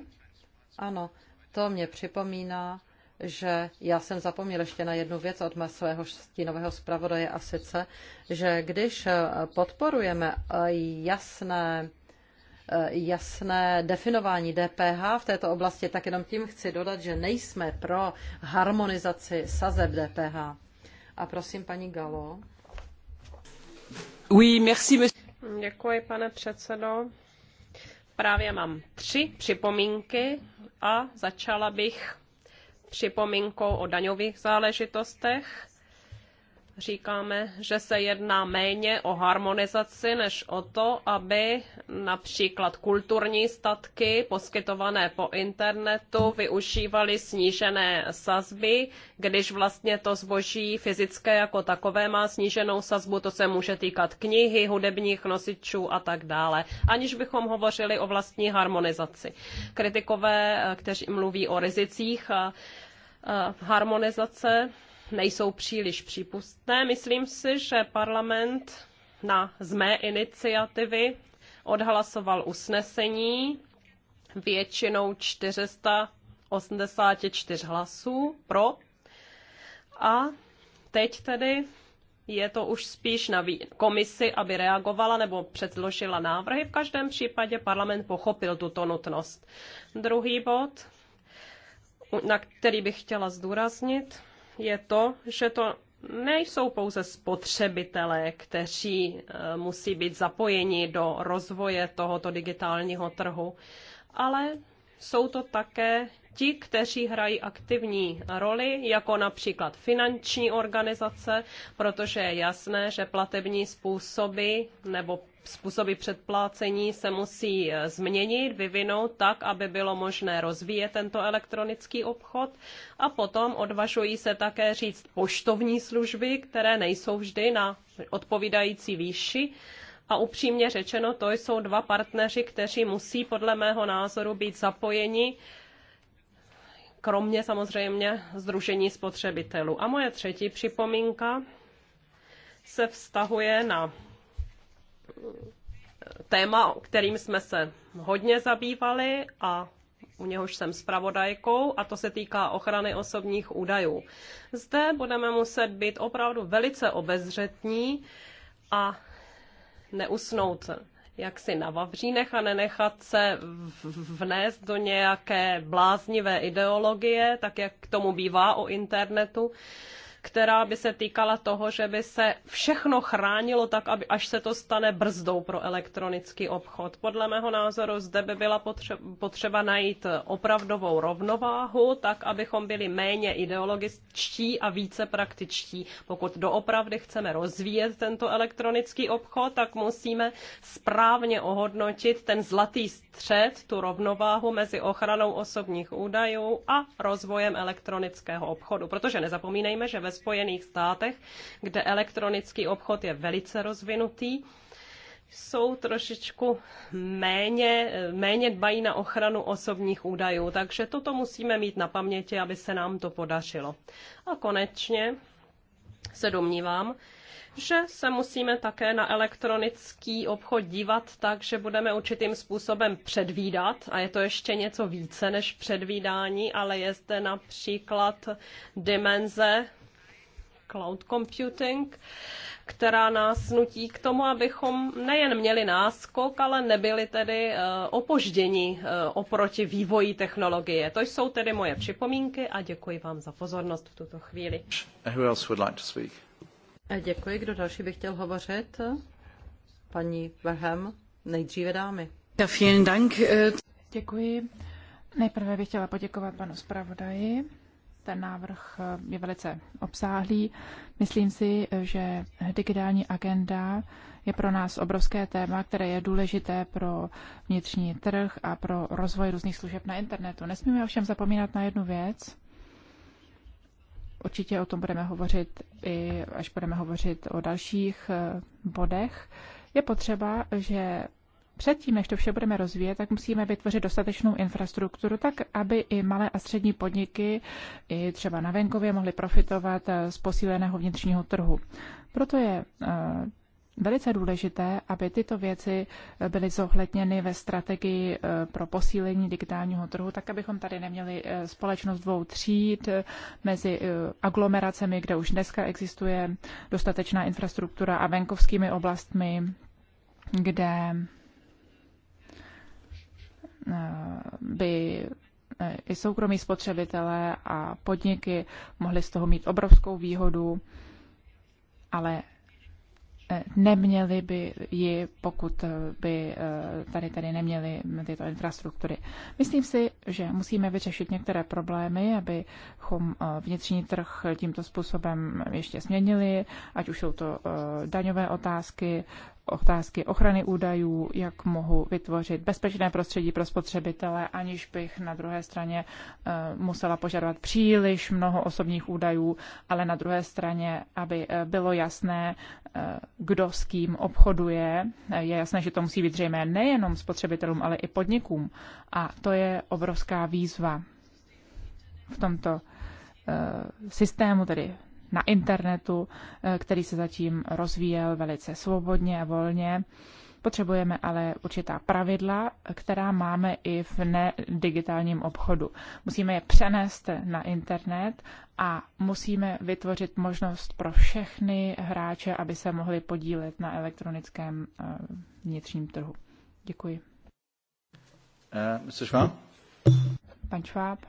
Ano, to mě připomíná, že já jsem zapomněl ještě na jednu věc od svého stínového zpravodaje a sice, že když podporujeme eh, jasné eh, jasné definování DPH v této oblasti, tak jenom tím chci dodat, že nejsme pro harmonizaci sazeb DPH. A prosím paní Galo. Děkuji, pane předsedající Právě mám tři připomínky a začala bych připomínkou o daňových záležitostech říkáme, že se jedná méně o harmonizaci, než o to, aby například kulturní statky poskytované po internetu využívaly snížené sazby, když vlastně to zboží fyzické jako takové má sníženou sazbu, to se může týkat knihy, hudebních nosičů a tak dále, aniž bychom hovořili o vlastní harmonizaci. Kritikové, kteří mluví o rizicích harmonizace, nejsou příliš přípustné. Myslím si, že parlament na z mé iniciativy odhlasoval usnesení většinou 484 hlasů pro. A teď tedy je to už spíš na komisi, aby reagovala nebo předložila návrhy. V každém případě parlament pochopil tuto nutnost. Druhý bod, na který bych chtěla zdůraznit, je to, že to nejsou pouze spotřebitelé, kteří eh, musí být zapojeni do rozvoje tohoto digitálního trhu, ale jsou to také ti, kteří hrají aktivní roli, jako například finanční organizace, protože je jasné, že platební způsoby nebo způsoby předplácení se musí eh, změnit, vyvinout tak, aby bylo možné rozvíjet tento elektronický obchod. A potom odvažují se také říct poštovní služby, které nejsou vždy na odpovídající výši. A upřímně řečeno, to jsou dva partneři, kteří musí podle mého názoru být zapojeni kromě samozřejmě Združení spotřebitelů. A moje třetí připomínka se vztahuje na eh, téma, kterým jsme se hodně zabývali a u něhož jsem zpravodajkou, a to se týká ochrany osobních údajů. Zde budeme muset být opravdu velice obezřetní a neusnout si na vavřínech a nenechat se vnést do nějaké bláznivé ideologie, tak jak k tomu bývá o internetu která by se týkala toho, že by se všechno chránilo tak, aby, až se to stane brzdou pro elektronický obchod. Podle mého názoru zde by byla potře- potřeba najít opravdovou rovnováhu, tak, abychom byli méně ideologičtí a více praktičtí. Pokud doopravdy chceme rozvíjet tento elektronický obchod, tak musíme správně ohodnotit ten zlatý střed, tu rovnováhu mezi ochranou osobních údajů a rozvojem elektronického obchodu. Protože nezapomínejme, že ve ve Spojených státech, kde elektronický obchod je velice rozvinutý, jsou trošičku méně, méně dbají na ochranu osobních údajů. Takže toto musíme mít na paměti, aby se nám to podařilo. A konečně se domnívám, že se musíme také na elektronický obchod dívat tak, že budeme určitým způsobem předvídat, a je to ještě něco více než předvídání, ale je zde například dimenze cloud computing, která nás nutí k tomu, abychom nejen měli náskok, ale nebyli tedy eh, opožděni eh, oproti vývoji technologie. To jsou tedy moje připomínky a děkuji vám za pozornost v tuto chvíli. Like eh, děkuji. Kdo další by chtěl hovořit? Paní Verhem, nejdříve dámy. Ja, vielen Dank. Děkuji. Nejprve bych chtěla poděkovat panu zpravodaji ten návrh eh, je velice obsáhlý. Myslím si, že digitální agenda je pro nás obrovské téma, které je důležité pro vnitřní trh a pro rozvoj různých služeb na internetu. Nesmíme ovšem zapomínat na jednu věc. Určitě o tom budeme hovořit i až budeme hovořit o dalších eh, bodech. Je potřeba, že Předtím, než to vše budeme rozvíjet, tak musíme vytvořit dostatečnou infrastrukturu, tak aby i malé a střední podniky, i třeba na venkově, mohly profitovat eh, z posíleného vnitřního trhu. Proto je eh, velice důležité, aby tyto věci eh, byly zohledněny ve strategii pro posílení digitálního trhu, tak abychom tady neměli společnost dvou tříd mezi aglomeracemi, kde už dneska existuje dostatečná infrastruktura a venkovskými oblastmi, kde Eh, by eh, i soukromí spotřebitelé a podniky mohli z toho mít obrovskou výhodu, ale eh, neměli by ji, pokud by tady tady neměli tyto infrastruktury. Myslím si, že musíme vyřešit některé problémy, abychom vnitřní trh tímto způsobem ještě změnili, ať už jsou to daňové otázky, otázky ochrany údajů, jak mohu vytvořit bezpečné prostředí pro spotřebitele, aniž bych na druhé straně eh, musela požadovat příliš mnoho osobních údajů, ale na druhé straně, aby eh, bylo jasné, eh, kdo s kým obchoduje. Je jasné, že to musí být zřejmé nejenom spotřebitelům, ale i podnikům. A to je obrovská výzva v tomto systému, tedy na internetu, eh, který se zatím rozvíjel velice svobodně a volně. Potřebujeme ale určitá pravidla, která máme i v nedigitálním obchodu. Musíme je přenést na internet a musíme vytvořit možnost pro všechny hráče, aby se mohli podílet na elektronickém eh, vnitřním trhu. Děkuji. Uh, eh, Mr. Schwab? Pan Schwab.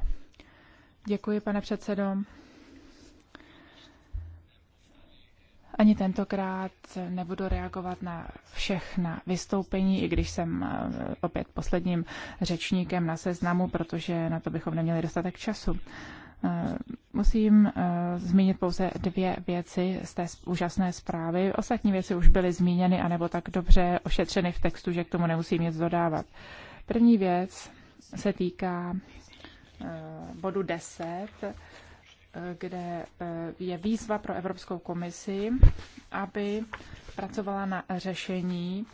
Děkuji, pane předsedo. Ani tentokrát nebudu reagovat na všechna vystoupení, i když jsem eh, opět posledním řečníkem na seznamu, protože na to bychom neměli dostatek času. Eh, musím eh, zmínit pouze dvě věci z té úžasné zprávy. Ostatní věci už byly zmíněny anebo tak dobře ošetřeny v textu, že k tomu nemusím nic dodávat. První věc se týká bodu 10 kde eh, je výzva pro Evropskou komisi, aby pracovala na řešení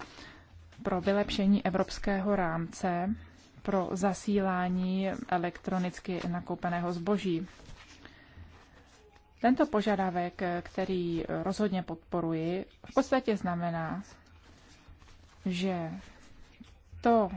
pro vylepšení evropského rámce pro zasílání elektronicky nakoupeného zboží. Tento požadavek, který rozhodně podporuji, v podstatě znamená, že to,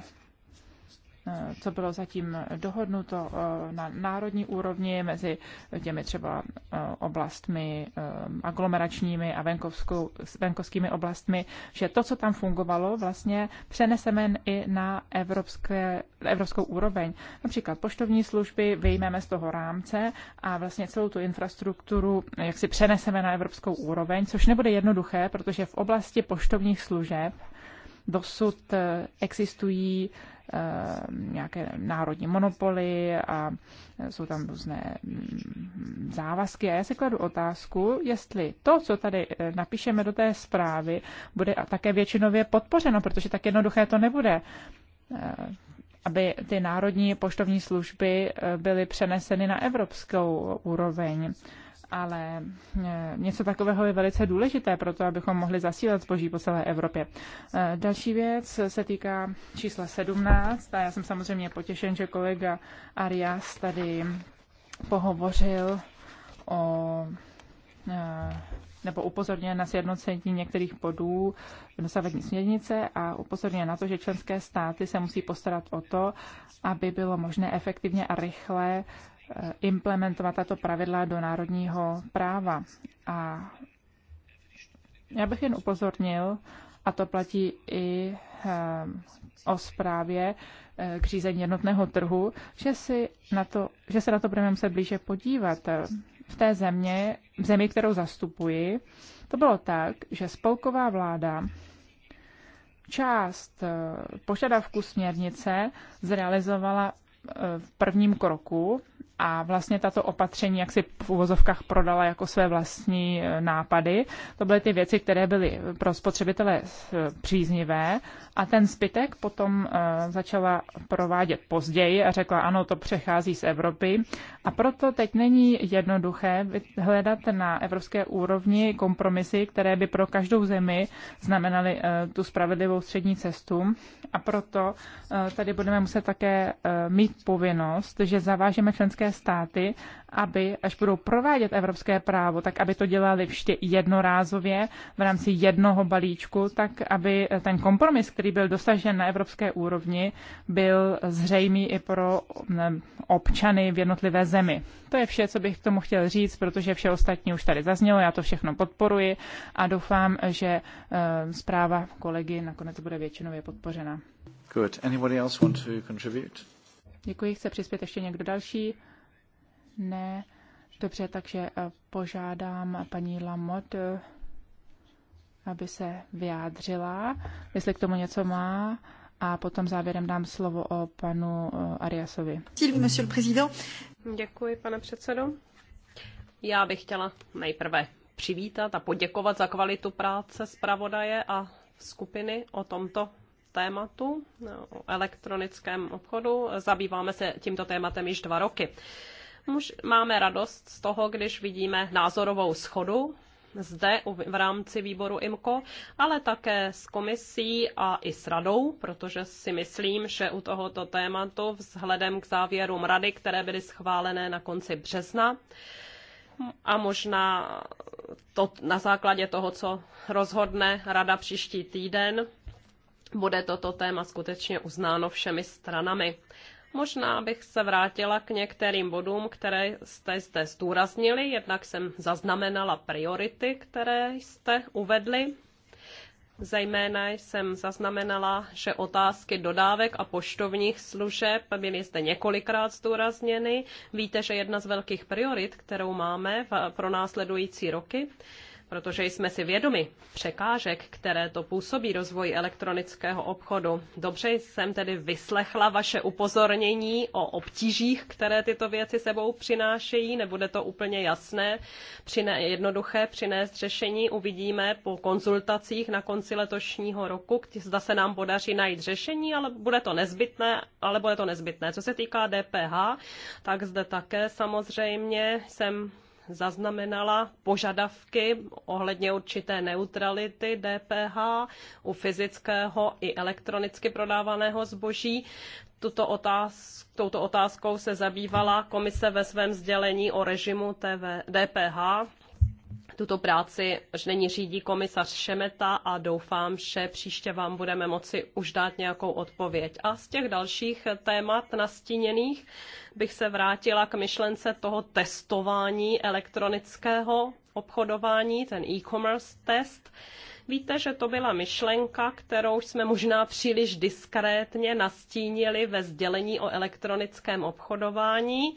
co bylo zatím dohodnuto eh, na národní úrovni mezi těmi třeba eh, oblastmi eh, aglomeračními a venkovskou, venkovskými oblastmi, že to, co tam fungovalo, vlastně přeneseme i na evropské, evropskou úroveň. Například poštovní služby vyjmeme z toho rámce a vlastně celou tu infrastrukturu jak si přeneseme na evropskou úroveň, což nebude jednoduché, protože v oblasti poštovních služeb Dosud eh, existují eh, nějaké národní monopoly a jsou tam různé mm, závazky. A já si kladu otázku, jestli to, co tady eh, napíšeme do té zprávy, bude také většinově podpořeno, protože tak jednoduché to nebude aby ty národní poštovní služby byly přeneseny na evropskou úroveň ale e, něco takového je velice důležité pro to, abychom mohli zasílat zboží po celé Evropě. E, další věc se týká čísla 17 a já jsem samozřejmě potěšen, že kolega Arias tady pohovořil o e, nebo upozorňuje na sjednocení některých bodů dosavadní směrnice a upozorňuje na to, že členské státy se musí postarat o to, aby bylo možné efektivně a rychle Eh, implementovat tato pravidla do národního práva. A já bych jen upozornil, a to platí i eh, o zprávě eh, k řízení jednotného trhu, že, si na to, že se na to budeme muset blíže podívat. V té země, v zemi, kterou zastupuji, to bylo tak, že spolková vláda část požadavku směrnice zrealizovala v prvním kroku a vlastně tato opatření, jak si v uvozovkách prodala jako své vlastní e, nápady, to byly ty věci, které byly pro spotřebitele e, příznivé a ten zbytek potom e, začala provádět později a řekla, ano, to přechází z Evropy a proto teď není jednoduché hledat na evropské úrovni kompromisy, které by pro každou zemi znamenaly tu spravedlivou střední cestu a proto tady budeme muset také mít povinnost, že zavážeme členské státy, aby až budou provádět evropské právo, tak aby to dělali vždy jednorázově v rámci jednoho balíčku, tak aby ten kompromis, který byl dosažen na evropské úrovni, byl zřejmý i pro občany v jednotlivé zemi. To je vše, co bych k tomu chtěl říct, protože vše ostatní už tady zaznělo, já to všechno podporuji a doufám, že eh, zpráva kolegy nakonec bude většinově podpořena. Good. Anybody else want to contribute? Děkuji. Chce přispět ještě někdo další? Ne. Dobře, takže eh, požádám paní Lamot, eh, aby se vyjádřila, jestli k tomu něco má a potom závěrem dám slovo o panu eh, Ariasovi. Děkuji, pane předsedo. Já bych chtěla nejprve přivítat a poděkovat za kvalitu práce zpravodaje a skupiny o tomto tématu, o elektronickém obchodu. Zabýváme se tímto tématem již dva roky. Muž, máme radost z toho, když vidíme názorovou schodu zde v rámci výboru IMCO, ale také s komisí a i s radou, protože si myslím, že u tohoto tématu vzhledem k závěrům rady, které byly schválené na konci března, a možná to na základě toho, co rozhodne rada příští týden, bude toto téma skutečně uznáno všemi stranami. Možná bych se vrátila k některým bodům, které jste zde zdůraznili. Jednak jsem zaznamenala priority, které jste uvedli. Zejména jsem zaznamenala, že otázky dodávek a poštovních služeb byly zde několikrát zdůrazněny. Víte, že jedna z velkých priorit, kterou máme pro následující roky, protože jsme si vědomi překážek, které to působí rozvoji elektronického obchodu. Dobře jsem tedy vyslechla vaše upozornění o obtížích, které tyto věci sebou přinášejí. Nebude to úplně jasné, přine, jednoduché přinést řešení. Uvidíme po konzultacích na konci letošního roku, zda se nám podaří najít řešení, ale bude to nezbytné, ale bude to nezbytné. Co se týká DPH, tak zde také samozřejmě jsem zaznamenala požadavky ohledně určité neutrality DPH u fyzického i elektronicky prodávaného zboží. Tuto otázku, touto otázkou se zabývala komise ve svém sdělení o režimu TV, DPH tuto práci už není řídí komisař Šemeta a doufám, že příště vám budeme moci už dát nějakou odpověď. A z těch dalších témat nastíněných bych se vrátila k myšlence toho testování elektronického obchodování, ten e-commerce test. Víte, že to byla myšlenka, kterou jsme možná příliš diskrétně nastínili ve sdělení o elektronickém obchodování.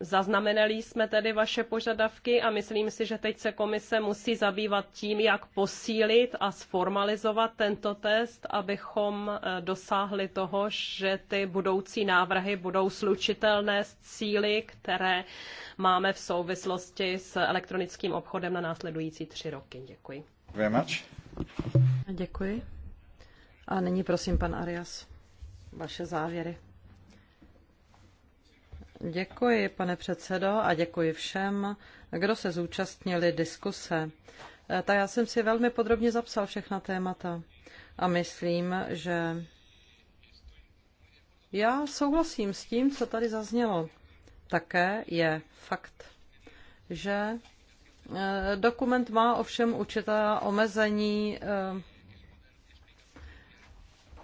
Zaznamenali jsme tedy vaše požadavky a myslím si, že teď se komise musí zabývat tím, jak posílit a sformalizovat tento test, abychom eh, dosáhli toho, že ty budoucí návrhy budou slučitelné s cíly, které máme v souvislosti s elektronickým obchodem na následující tři roky. Děkuji. Very much. Děkuji. A nyní prosím, pan Arias, vaše závěry. Děkuji, pane předsedo, a děkuji všem, kdo se zúčastnili diskuse. Eh, tak já jsem si velmi podrobně zapsal všechna témata a myslím, že já souhlasím s tím, co tady zaznělo. Také je fakt, že eh, dokument má ovšem určitá omezení eh,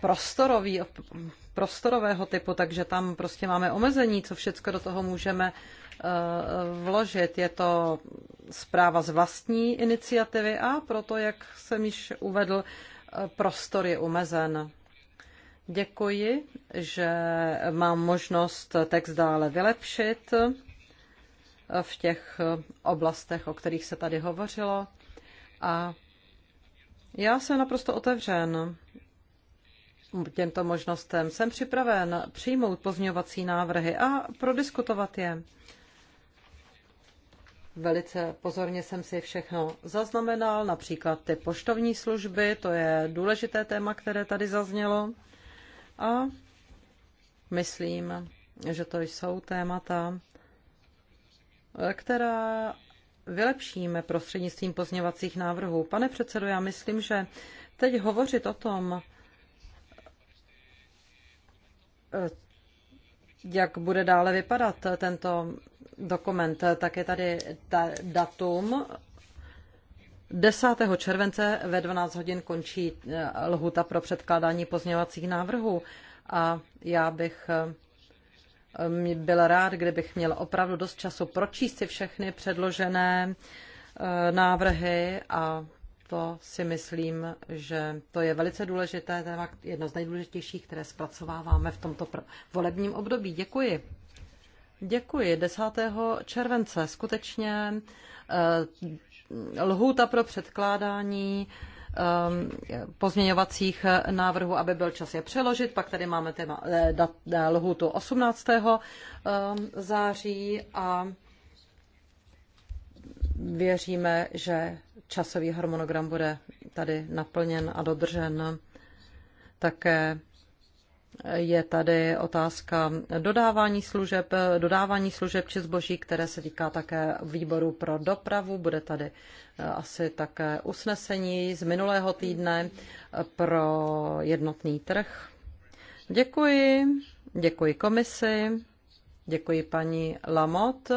prostorový, prostorového typu, takže tam prostě máme omezení, co všechno do toho můžeme eh, vložit. Je to zpráva z vlastní iniciativy a proto, jak jsem již uvedl, eh, prostor je omezen. Děkuji, že mám možnost text dále vylepšit eh, v těch oblastech, o kterých se tady hovořilo. A já jsem naprosto otevřen těmto možnostem. Jsem připraven přijmout pozměňovací návrhy a prodiskutovat je. Velice pozorně jsem si všechno zaznamenal, například ty poštovní služby, to je důležité téma, které tady zaznělo. A myslím, že to jsou témata, která vylepšíme prostřednictvím pozněvacích návrhů. Pane předsedo, já myslím, že teď hovořit o tom, Eh, jak bude dále vypadat tento dokument, tak je tady ta datum 10. července ve 12 hodin končí eh, lhuta pro předkládání pozměňovacích návrhů a já bych eh, byl rád, kdybych měl opravdu dost času pročíst si všechny předložené návrhy a to si myslím, že to je velice důležité téma, jedno z nejdůležitějších, které zpracováváme v tomto volebním období. Děkuji. Děkuji. 10. července skutečně eh, lhůta pro předkládání eh, pozměňovacích návrhů, aby byl čas je přeložit. Pak tady máme téma, eh, dat, lhůtu 18. září a věříme, že časový harmonogram bude tady naplněn a dodržen. Také je tady otázka dodávání služeb, dodávání služeb či zboží, které se týká také výboru pro dopravu. Bude tady eh, asi také usnesení z minulého týdne pro jednotný trh. Děkuji, děkuji komisi, děkuji paní Lamot.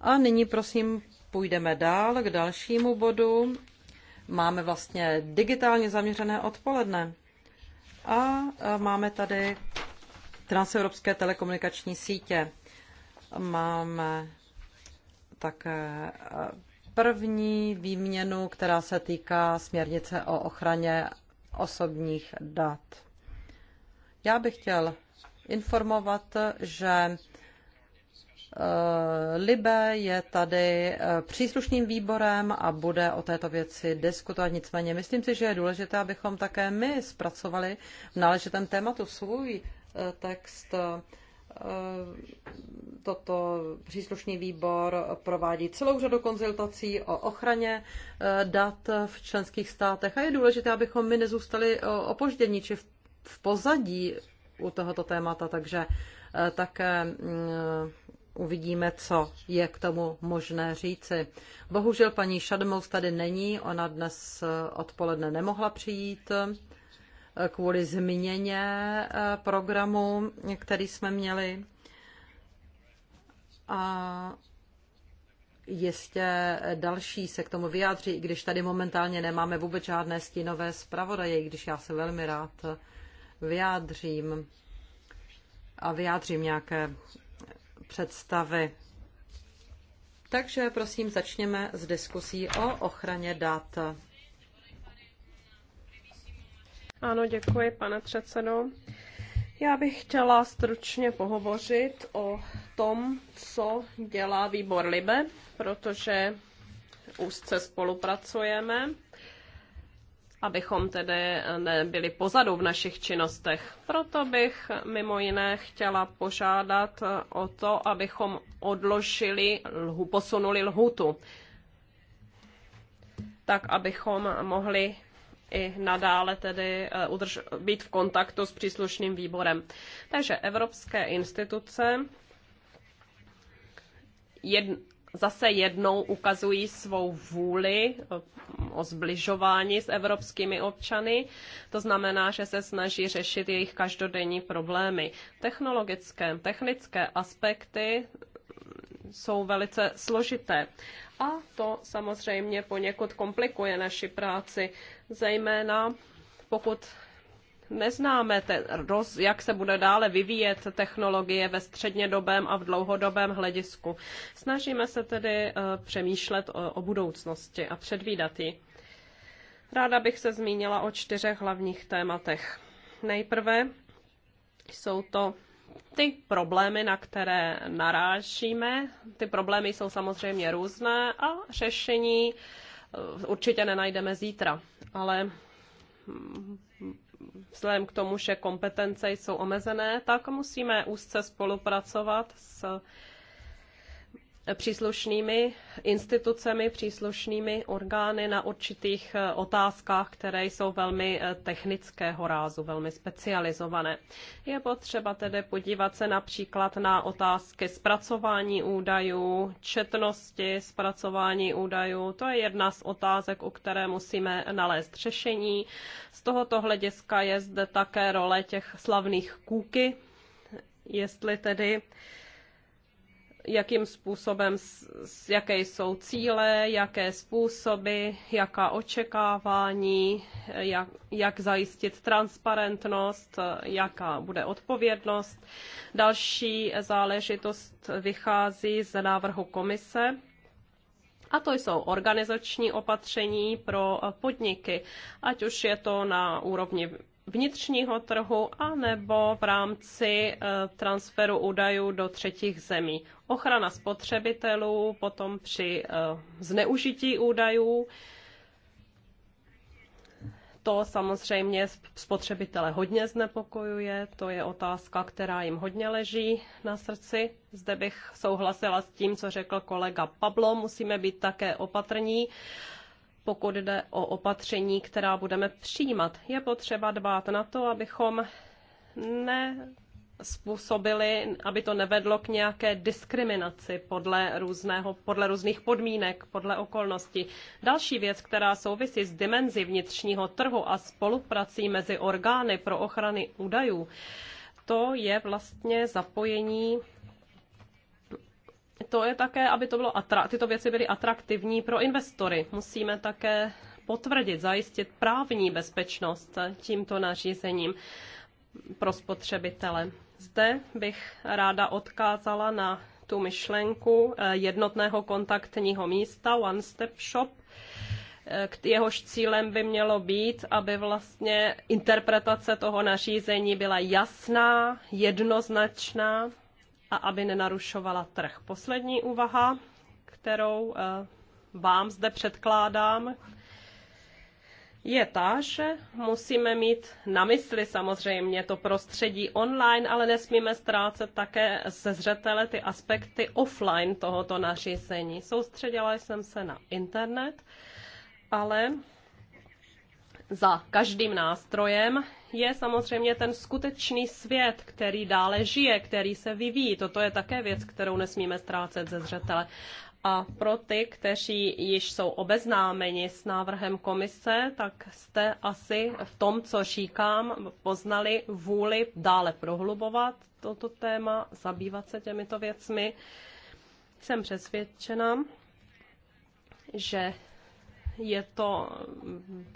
A nyní prosím půjdeme dál k dalšímu bodu. Máme vlastně digitálně zaměřené odpoledne. A máme tady transevropské telekomunikační sítě. Máme také první výměnu, která se týká směrnice o ochraně osobních dat. Já bych chtěl informovat, že Libe je tady eh, příslušným výborem a bude o této věci diskutovat. Nicméně myslím si, že je důležité, abychom také my zpracovali v náležitém tématu svůj eh, text. Eh, toto příslušný výbor provádí celou řadu konzultací o ochraně dat v členských státech a je důležité, abychom my nezůstali opoždění či v pozadí u tohoto témata, takže také mm, uvidíme, co je k tomu možné říci. Bohužel paní Šadmous tady není, ona dnes eh, odpoledne nemohla přijít eh, kvůli změně eh, programu, který jsme měli. A jistě další se k tomu vyjádří, i když tady momentálně nemáme vůbec žádné stínové zpravodaje, i když já se velmi rád vyjádřím a vyjádřím nějaké představy. Takže prosím, začněme s diskusí o ochraně dat. Ano, děkuji, pane předsedo. Já bych chtěla stručně pohovořit o tom, co dělá výbor Libe, protože úzce spolupracujeme abychom tedy eh, nebyli pozadu v našich činnostech. Proto bych mimo jiné chtěla požádat eh, o to, abychom odložili, lhu, posunuli lhutu, tak abychom mohli i nadále tedy eh, udrž, být v kontaktu s příslušným výborem. Takže evropské instituce jedn, zase jednou ukazují svou vůli eh, o zbližování s evropskými občany. To znamená, že se snaží řešit jejich každodenní problémy. Technologické, technické aspekty mm, jsou velice složité. A to samozřejmě poněkud komplikuje naši práci, zejména pokud neznáme, ten roz, jak se bude dále vyvíjet technologie ve střednědobém a v dlouhodobém hledisku. Snažíme se tedy eh, přemýšlet o, o budoucnosti a předvídat ji. Ráda bych se zmínila o čtyřech hlavních tématech. Nejprve jsou to ty problémy, na které narážíme. Ty problémy jsou samozřejmě různé a řešení eh, určitě nenajdeme zítra, ale hm, vzhledem k tomu, že kompetence jsou omezené, tak musíme úzce spolupracovat s příslušnými institucemi, příslušnými orgány na určitých eh, otázkách, které jsou velmi eh, technického rázu, velmi specializované. Je potřeba tedy podívat se například na otázky zpracování údajů, četnosti zpracování údajů. To je jedna z otázek, u které musíme nalézt řešení. Z tohoto hlediska je zde také role těch slavných kůky, jestli tedy jakým způsobem, jaké jsou cíle, jaké způsoby, jaká očekávání, jak, jak zajistit transparentnost, jaká bude odpovědnost. Další záležitost vychází z návrhu komise. A to jsou organizační opatření pro podniky, ať už je to na úrovni vnitřního trhu a nebo v rámci eh, transferu údajů do třetích zemí. Ochrana spotřebitelů potom při eh, zneužití údajů. To samozřejmě spotřebitele hodně znepokojuje, to je otázka, která jim hodně leží na srdci. Zde bych souhlasila s tím, co řekl kolega Pablo, musíme být také opatrní pokud jde o opatření, která budeme přijímat. Je potřeba dbát na to, abychom ne způsobili, aby to nevedlo k nějaké diskriminaci podle, různého, podle různých podmínek, podle okolností. Další věc, která souvisí s dimenzí vnitřního trhu a spoluprací mezi orgány pro ochrany údajů, to je vlastně zapojení to je také, aby to bylo atra- tyto věci byly atraktivní pro investory. Musíme také potvrdit, zajistit právní bezpečnost tímto nařízením pro spotřebitele. Zde bych ráda odkázala na tu myšlenku eh, jednotného kontaktního místa One Step Shop, eh, jehož cílem by mělo být, aby vlastně interpretace toho nařízení byla jasná, jednoznačná a aby nenarušovala trh. Poslední úvaha, kterou eh, vám zde předkládám, je ta, že musíme mít na mysli samozřejmě to prostředí online, ale nesmíme ztrácet také ze zřetele ty aspekty offline tohoto nařízení. Soustředila jsem se na internet, ale za každým nástrojem je samozřejmě ten skutečný svět, který dále žije, který se vyvíjí. Toto je také věc, kterou nesmíme ztrácet ze zřetele. A pro ty, kteří již jsou obeznámeni s návrhem komise, tak jste asi v tom, co říkám, poznali vůli dále prohlubovat toto téma, zabývat se těmito věcmi. Jsem přesvědčena, že je to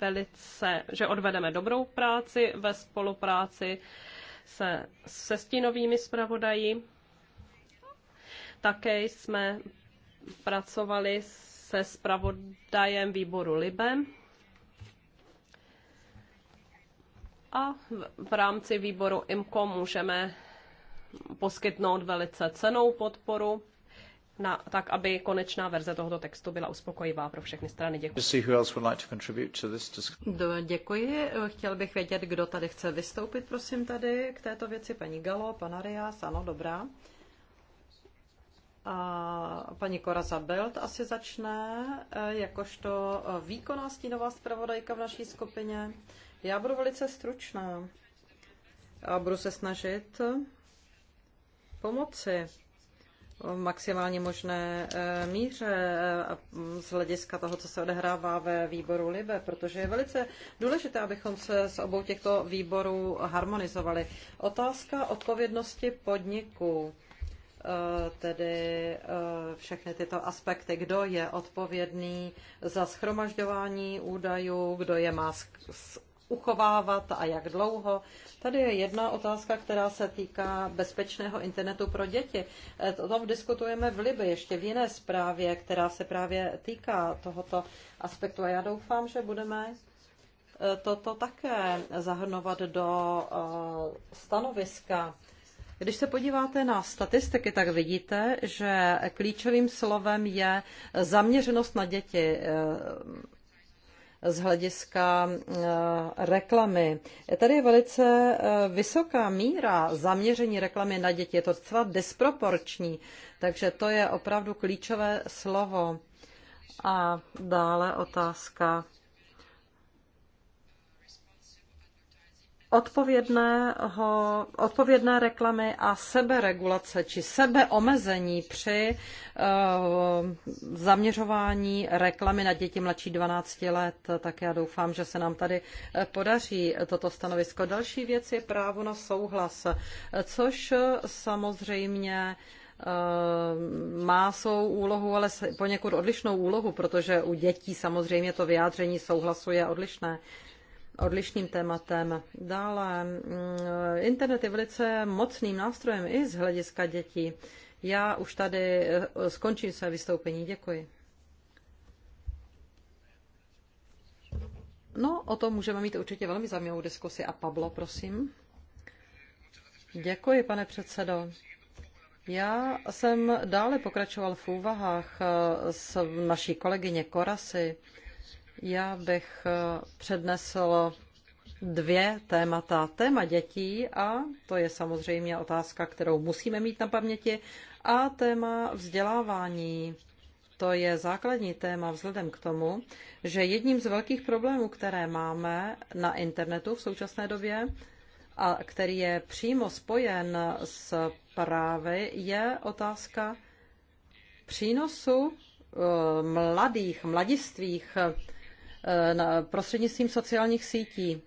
velice, že odvedeme dobrou práci ve spolupráci se, se stínovými zpravodaji. Také jsme pracovali se zpravodajem výboru Libem. a v rámci výboru IMCO můžeme poskytnout velice cenou podporu na, tak, aby konečná verze tohoto textu byla uspokojivá pro všechny strany. Děkuji. Děkuji. Chtěl bych vědět, kdo tady chce vystoupit, prosím, tady k této věci. Paní Galo, pan Arias, ano, dobrá. A paní Koraza Belt asi začne, eh, jakožto eh, výkonná stínová zpravodajka v naší skupině. Já budu velice stručná a budu se snažit eh, pomoci v maximálně možné eh, míře eh, z hlediska toho, co se odehrává ve výboru LIBE, protože je velice důležité, abychom se s obou těchto výborů harmonizovali. Otázka odpovědnosti podniku, eh, tedy všechny tyto aspekty, kdo je odpovědný za schromažďování údajů, kdo je má uchovávat a jak dlouho. Tady je jedna otázka, která se týká bezpečného internetu pro děti. E, o tom diskutujeme v Liby, ještě v jiné zprávě, která se právě týká tohoto aspektu. A já doufám, že budeme e, toto také zahrnovat do e, stanoviska. Když se podíváte na statistiky, tak vidíte, že klíčovým slovem je zaměřenost na děti z hlediska eh, reklamy. Tady je velice eh, vysoká míra zaměření reklamy na děti. Je to docela disproporční, takže to je opravdu klíčové slovo. A dále otázka odpovědného, odpovědné reklamy a seberegulace či sebeomezení při uh, zaměřování reklamy na děti mladší 12 let. Tak já doufám, že se nám tady eh, podaří toto stanovisko. Další věc je právo na souhlas, což samozřejmě eh, má svou úlohu, ale poněkud odlišnou úlohu, protože u dětí samozřejmě to vyjádření souhlasu je odlišné odlišným tématem. Dále, mm, internet je velice mocným nástrojem i z hlediska dětí. Já už tady eh, skončím své vystoupení. Děkuji. No, o tom můžeme mít určitě velmi zajímavou diskusi. A Pablo, prosím. Děkuji, pane předsedo. Já jsem dále pokračoval v úvahách eh, s naší kolegyně Korasy já bych eh, přednesl dvě témata. Téma dětí a to je samozřejmě otázka, kterou musíme mít na paměti, a téma vzdělávání. To je základní téma vzhledem k tomu, že jedním z velkých problémů, které máme na internetu v současné době, a který je přímo spojen s právy, je otázka přínosu eh, mladých, mladistvých Eh, na prostřednictvím sociálních sítí.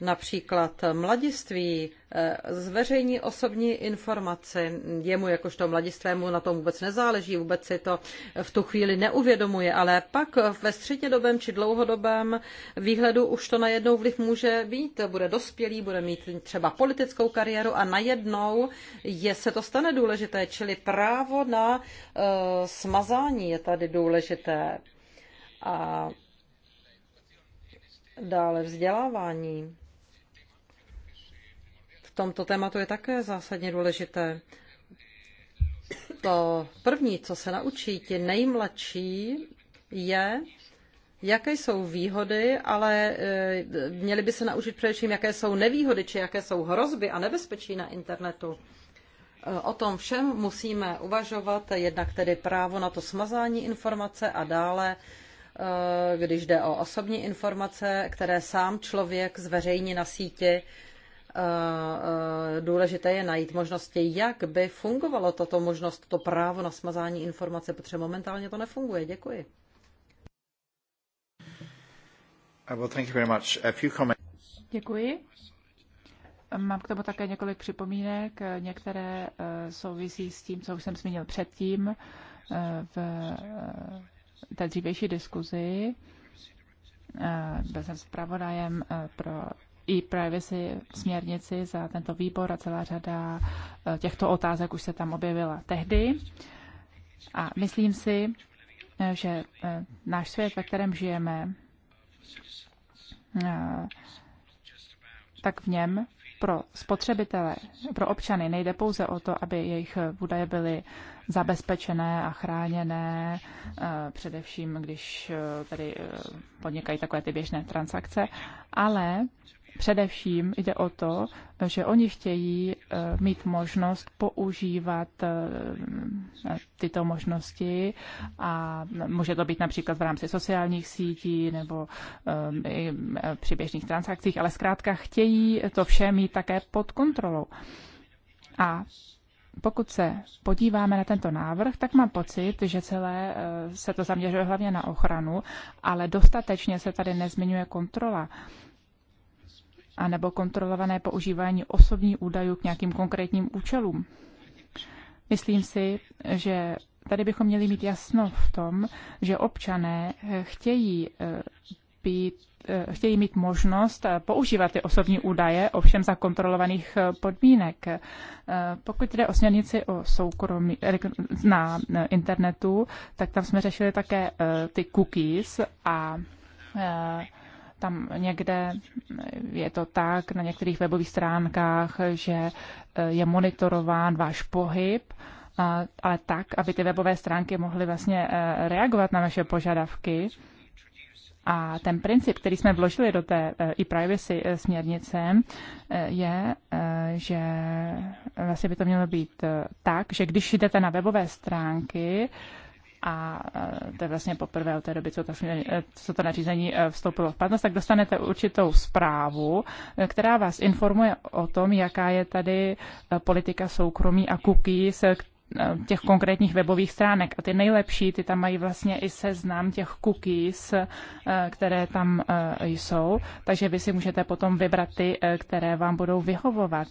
Například mladiství eh, zveřejní osobní informace. Jemu jakožto mladistvému na tom vůbec nezáleží, vůbec si to v tu chvíli neuvědomuje, ale pak ve střednědobém či dlouhodobém výhledu už to najednou vliv může být. Bude dospělý, bude mít třeba politickou kariéru a najednou je, se to stane důležité, čili právo na uh, smazání je tady důležité. A Dále vzdělávání. V tomto tématu je také zásadně důležité. To první, co se naučí ti nejmladší, je, jaké jsou výhody, ale eh, měli by se naučit především, jaké jsou nevýhody, či jaké jsou hrozby a nebezpečí na internetu. Eh, o tom všem musíme uvažovat, jednak tedy právo na to smazání informace a dále Eh, když jde o osobní informace, které sám člověk zveřejní na síti, eh, eh, důležité je najít možnosti, jak by fungovalo toto možnost, to právo na smazání informace, protože momentálně to nefunguje. Děkuji. Uh, Děkuji. Mám k tomu také několik připomínek. Některé souvisí s tím, co už jsem zmínil předtím v té dřívější diskuzi. Eh, byl jsem zpravodajem eh, pro e-privacy směrnici za tento výbor a celá řada eh, těchto otázek už se tam objevila tehdy. A myslím si, že náš svět, ve kterém žijeme, tak v něm pro spotřebitele, pro občany nejde pouze o to, aby jejich údaje byly zabezpečené a chráněné, eh, především když eh, tady eh, podnikají takové ty běžné transakce, ale Především jde o to, že oni chtějí mít možnost používat tyto možnosti a může to být například v rámci sociálních sítí nebo při běžných transakcích, ale zkrátka chtějí to vše mít také pod kontrolou. A pokud se podíváme na tento návrh, tak mám pocit, že celé eh, se to zaměřuje hlavně na ochranu, ale dostatečně se tady nezmiňuje kontrola anebo kontrolované používání osobních údajů k nějakým konkrétním účelům. Myslím si, že tady bychom měli mít jasno v tom, že občané eh, chtějí eh, být Eh, chtějí mít možnost eh, používat ty osobní údaje, ovšem za kontrolovaných eh, podmínek. Pokud jde o směrnici o soukromí na internetu, tak tam jsme řešili také ty cookies a tam někde je to tak na některých webových stránkách, že je monitorován váš pohyb, ale tak, aby ty webové stránky mohly vlastně reagovat na vaše požadavky. A ten princip, který jsme vložili do té e, i privacy e, směrnice, e, je, že vlastně by to mělo být tak, že když jdete na webové stránky, a to je vlastně poprvé od té doby, co to, co to nařízení vstoupilo v platnost, tak dostanete určitou zprávu, která vás informuje o tom, jaká je tady politika soukromí a cookies, Eh, těch konkrétních webových stránek. A ty nejlepší, ty tam mají vlastně i seznam těch cookies, eh, které tam eh, jsou, takže vy si můžete potom vybrat ty, které vám budou vyhovovat.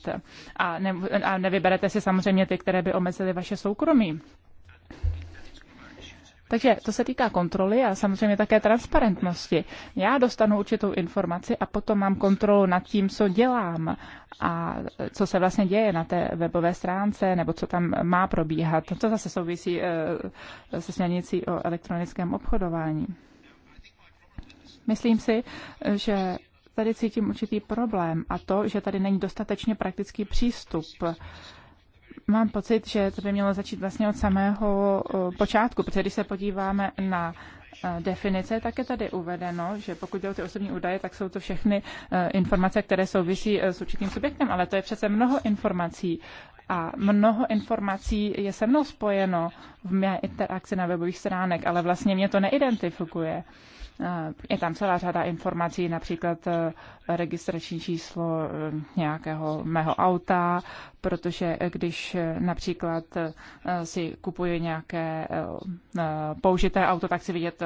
A, ne, a nevyberete si samozřejmě ty, které by omezily vaše soukromí. Takže to se týká kontroly a samozřejmě také transparentnosti. Já dostanu určitou informaci a potom mám kontrolu nad tím, co dělám a co se vlastně děje na té webové stránce nebo co tam má probíhat. To zase souvisí eh, se směrnicí o elektronickém obchodování. Myslím si, že tady cítím určitý problém a to, že tady není dostatečně praktický přístup mám pocit, že to by mělo začít vlastně od samého eh, počátku, protože když se podíváme na eh, definice, tak je tady uvedeno, že pokud jde o ty osobní údaje, tak jsou to všechny eh, informace, které souvisí s určitým subjektem, ale to je přece mnoho informací a mnoho informací je se mnou spojeno v mé interakci na webových stránek, ale vlastně mě to neidentifikuje. Eh, je tam celá řada informací, například eh, registrační číslo eh, nějakého mého auta, protože když například si kupuji nějaké použité auto, tak si vidět,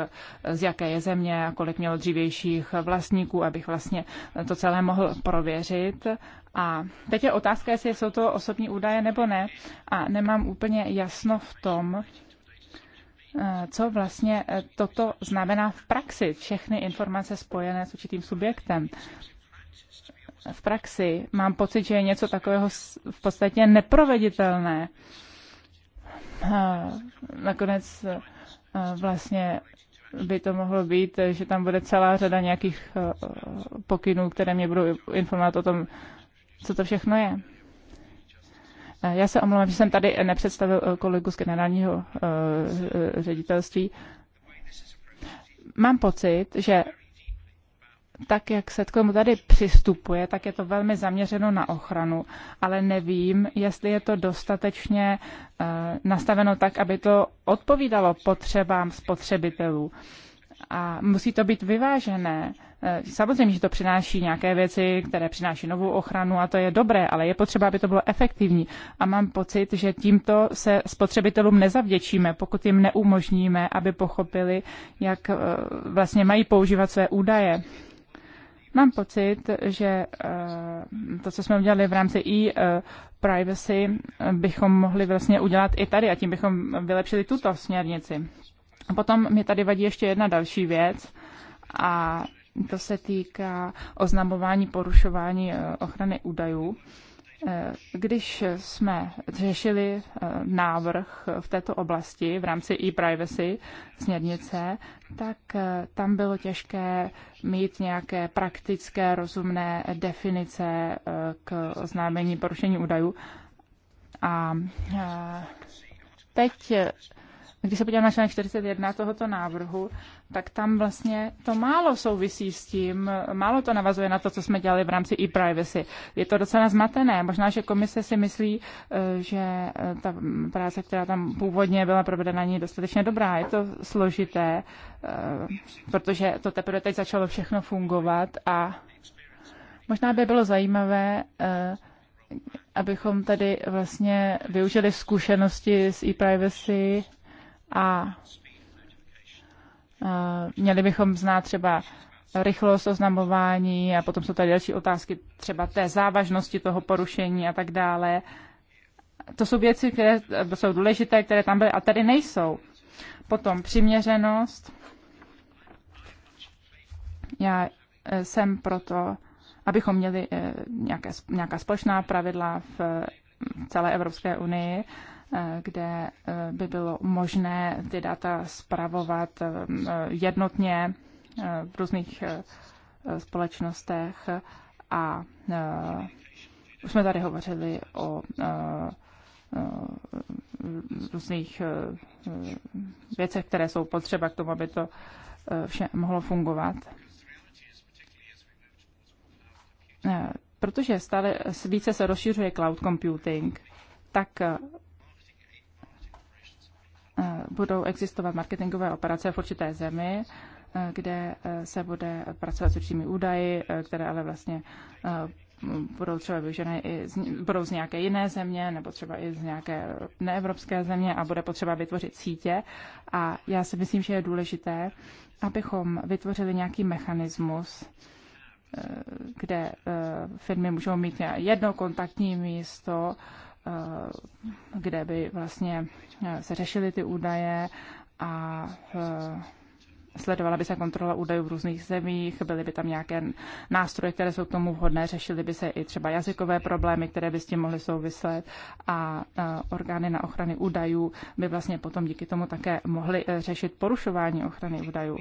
z jaké je země a kolik mělo dřívějších vlastníků, abych vlastně to celé mohl prověřit. A teď je otázka, jestli jsou to osobní údaje nebo ne. A nemám úplně jasno v tom, Eh, co vlastně eh, toto znamená v praxi, všechny informace spojené s určitým subjektem. V praxi mám pocit, že je něco takového v podstatě neproveditelné. Eh, nakonec vlastně by to mohlo být, že tam bude celá řada nějakých pokynů, které mě budou informovat o tom, co to všechno je. Já se omlouvám, že jsem tady nepředstavil eh, kolegu z generálního eh, ředitelství. Mám pocit, že tak, jak se k tomu tady přistupuje, tak je to velmi zaměřeno na ochranu, ale nevím, jestli je to dostatečně eh, nastaveno tak, aby to odpovídalo potřebám spotřebitelů. A musí to být vyvážené Eh, samozřejmě, že to přináší nějaké věci, které přináší novou ochranu a to je dobré, ale je potřeba, aby to bylo efektivní. A mám pocit, že tímto se spotřebitelům nezavděčíme, pokud jim neumožníme, aby pochopili, jak eh, vlastně mají používat své údaje. Mám pocit, že eh, to, co jsme udělali v rámci i privacy, bychom mohli vlastně udělat i tady a tím bychom vylepšili tuto směrnici. A potom mě tady vadí ještě jedna další věc a to se týká oznamování porušování eh, ochrany údajů. Eh, když jsme řešili eh, návrh v této oblasti v rámci e-privacy směrnice, tak tam bylo těžké mít nějaké praktické, rozumné definice k oznámení porušení údajů. A teď když se podívám na článek 41 tohoto návrhu, tak tam vlastně to málo souvisí s tím, málo to navazuje na to, co jsme dělali v rámci e-privacy. Je to docela zmatené. Možná, že komise si myslí, eh, že eh, ta práce, která tam původně byla provedena, není dostatečně dobrá. Je to složité, eh, protože to teprve teď začalo všechno fungovat a možná by bylo zajímavé abychom tady vlastně využili zkušenosti z e-privacy a e, měli bychom znát třeba rychlost oznamování a potom jsou tady další otázky třeba té závažnosti toho porušení a tak dále. To jsou věci, které jsou důležité, které tam byly a tady nejsou. Potom přiměřenost. Já e, jsem proto, abychom měli e, nějaké, nějaká společná pravidla v celé Evropské unii kde eh, by bylo možné ty data spravovat eh, jednotně eh, v různých společnostech a už jsme tady hovořili o různých věcech, které jsou potřeba k tomu, aby to vše mohlo fungovat. Protože stále více se rozšiřuje cloud computing, tak Eh, budou existovat marketingové operace v určité zemi, eh, kde eh, se bude pracovat s určitými údaji, které ale vlastně budou třeba využené i z, budou z nějaké jiné země, nebo třeba i z nějaké neevropské země a bude potřeba vytvořit sítě. A já si myslím, že je důležité, abychom vytvořili nějaký mechanismus, kde firmy můžou mít jedno kontaktní místo, Eh, kde by vlastně eh, se řešily ty údaje a eh, sledovala by se kontrola údajů v různých zemích, byly by tam nějaké nástroje, které jsou k tomu vhodné, řešily by se i třeba jazykové problémy, které by s tím mohly souviset a orgány na ochrany údajů by vlastně potom díky tomu také mohly řešit porušování ochrany údajů.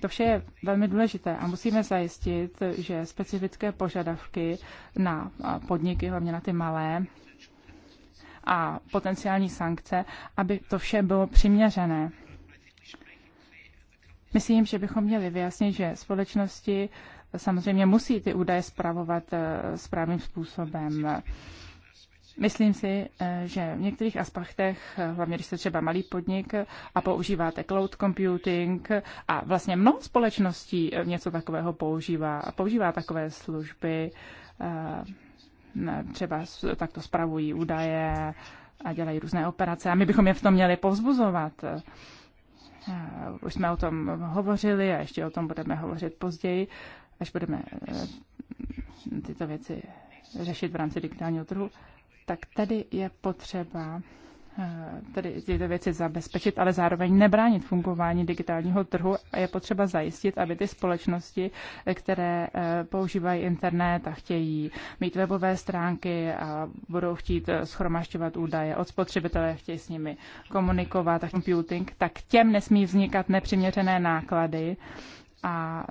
To vše je velmi důležité a musíme zajistit, že specifické požadavky na podniky, hlavně na ty malé, a potenciální sankce, aby to vše bylo přiměřené. Myslím, že bychom měli vyjasnit, že společnosti samozřejmě musí ty údaje zpravovat eh, správným způsobem. Myslím si, eh, že v některých aspektech, eh, hlavně když jste třeba malý podnik a používáte cloud computing a vlastně mnoho společností něco takového používá a používá takové služby, třeba takto spravují údaje a dělají různé operace. A my bychom je v tom měli povzbuzovat. Eh, už jsme o tom hovořili a ještě o tom budeme hovořit později, až budeme eh, tyto věci řešit v rámci digitálního trhu. Tak tady je potřeba Eh, tedy tyto věci zabezpečit, ale zároveň nebránit fungování digitálního trhu a je potřeba zajistit, aby ty společnosti, eh, které eh, používají internet a chtějí mít webové stránky a budou chtít schromažďovat údaje od spotřebitele, chtějí s nimi komunikovat a computing, tak těm nesmí vznikat nepřiměřené náklady a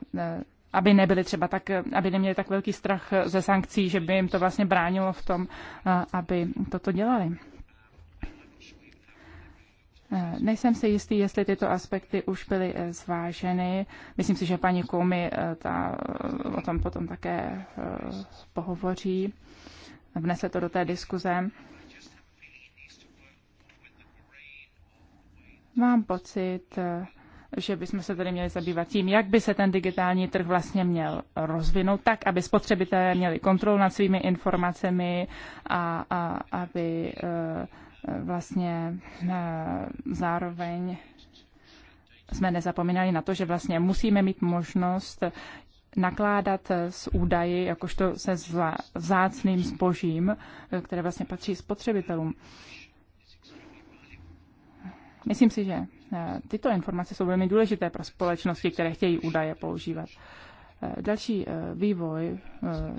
aby nebyli třeba tak, aby neměli tak velký strach ze sankcí, že by jim to vlastně bránilo v tom, aby toto dělali. Eh, nejsem si jistý, jestli tyto aspekty už byly eh, zváženy. Myslím si, že paní Koumi eh, ta, o tom potom také pohovoří, vnese to do té diskuze. Mám pocit, že bychom se tady měli zabývat tím, jak by se ten digitální trh vlastně měl rozvinout tak, aby spotřebitelé měli kontrolu nad svými informacemi a, a aby uh, vlastně eh, zároveň jsme nezapomínali na to, že vlastně musíme mít možnost nakládat s údaji, jakožto se zla, zácným zbožím, eh, které vlastně patří spotřebitelům. Myslím si, že eh, tyto informace jsou velmi důležité pro společnosti, které chtějí údaje používat. Další vývoj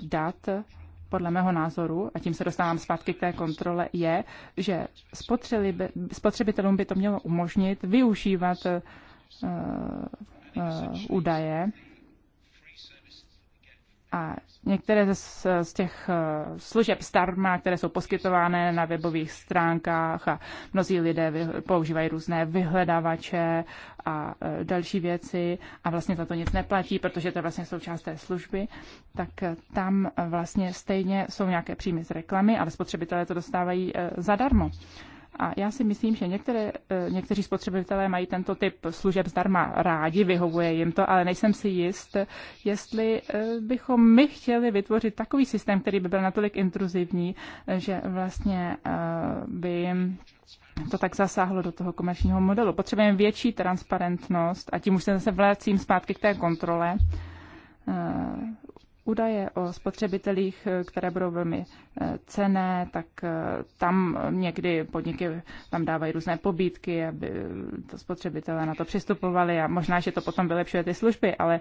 dat podle mého názoru, a tím se dostávám zpátky k té kontrole, je, že spotřebitelům by to mělo umožnit využívat eh, eh, údaje a některé z, z těch eh, služeb starma, které jsou poskytovány na webových stránkách a mnozí lidé vy, používají různé vyhledávače a eh, další věci a vlastně za to nic neplatí, protože to je vlastně součást té služby, tak eh, tam vlastně stejně jsou nějaké příjmy z reklamy, ale spotřebitelé to dostávají zadarmo. A já si myslím, že některé, eh, někteří spotřebitelé mají tento typ služeb zdarma rádi, vyhovuje jim to, ale nejsem si jist, jestli eh, bychom my chtěli vytvořit takový systém, který by byl natolik intruzivní, eh, že vlastně by to tak zasáhlo do toho komerčního modelu. Potřebujeme větší transparentnost a tím už se zase vracím zpátky k té kontrole údaje o spotřebitelích, eh, které budou velmi eh, cené, tak eh, tam někdy podniky tam dávají různé pobídky, aby to spotřebitelé na to přistupovali a možná, že to potom vylepšuje ty služby, ale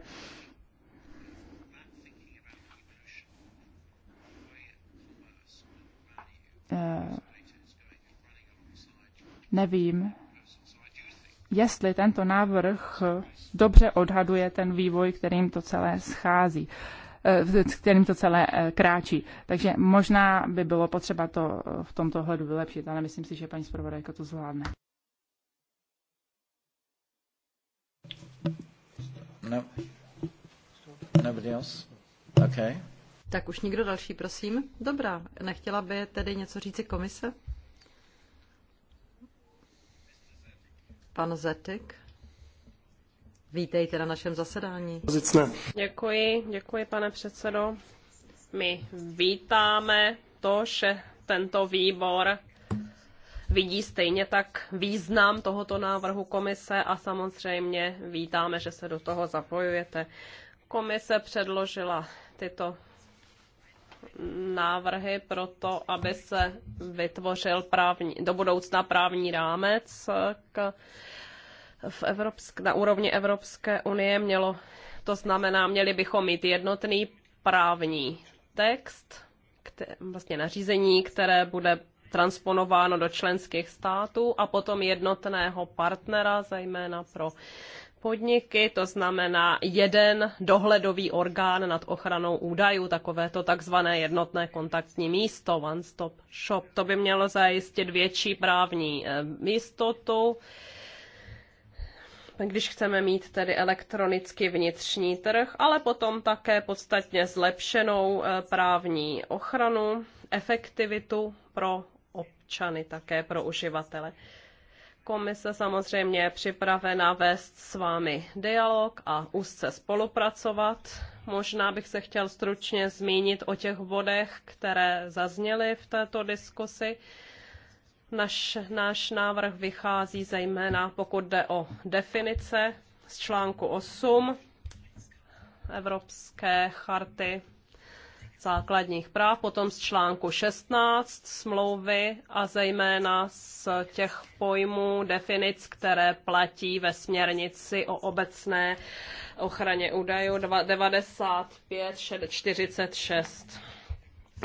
nevím, jestli tento návrh dobře odhaduje ten vývoj, kterým to celé schází. Eh, kterým to celé eh, kráčí. Takže možná by bylo potřeba to eh, v tomto hledu vylepšit, ale myslím si, že paní zpravodajka to zvládne. No. Nobody else? Okay. Tak už nikdo další, prosím. Dobrá, nechtěla by tedy něco říci komise? Pan Zetik. Vítejte na našem zasedání. Děkuji, děkuji pane předsedo. My vítáme to, že tento výbor vidí stejně tak význam tohoto návrhu komise a samozřejmě vítáme, že se do toho zapojujete. Komise předložila tyto návrhy pro to, aby se vytvořil právní, do budoucna právní rámec k v Evropsk, na úrovni Evropské unie mělo, to znamená, měli bychom mít jednotný právní text, které, vlastně nařízení, které bude transponováno do členských států a potom jednotného partnera, zejména pro podniky, to znamená jeden dohledový orgán nad ochranou údajů, takové to takzvané jednotné kontaktní místo, one stop shop. To by mělo zajistit větší právní eh, jistotu. Eh, když chceme mít tedy elektronicky vnitřní trh, ale potom také podstatně zlepšenou eh, právní ochranu, efektivitu pro občany, také pro uživatele. Komise samozřejmě je připravena vést s vámi dialog a úzce spolupracovat. Možná bych se chtěl stručně zmínit o těch bodech, které zazněly v této diskusi. Naš, náš návrh vychází zejména, pokud jde o definice z článku 8 Evropské charty základních práv, potom z článku 16 smlouvy a zejména z těch pojmů, definic, které platí ve směrnici o obecné ochraně údajů 95 46.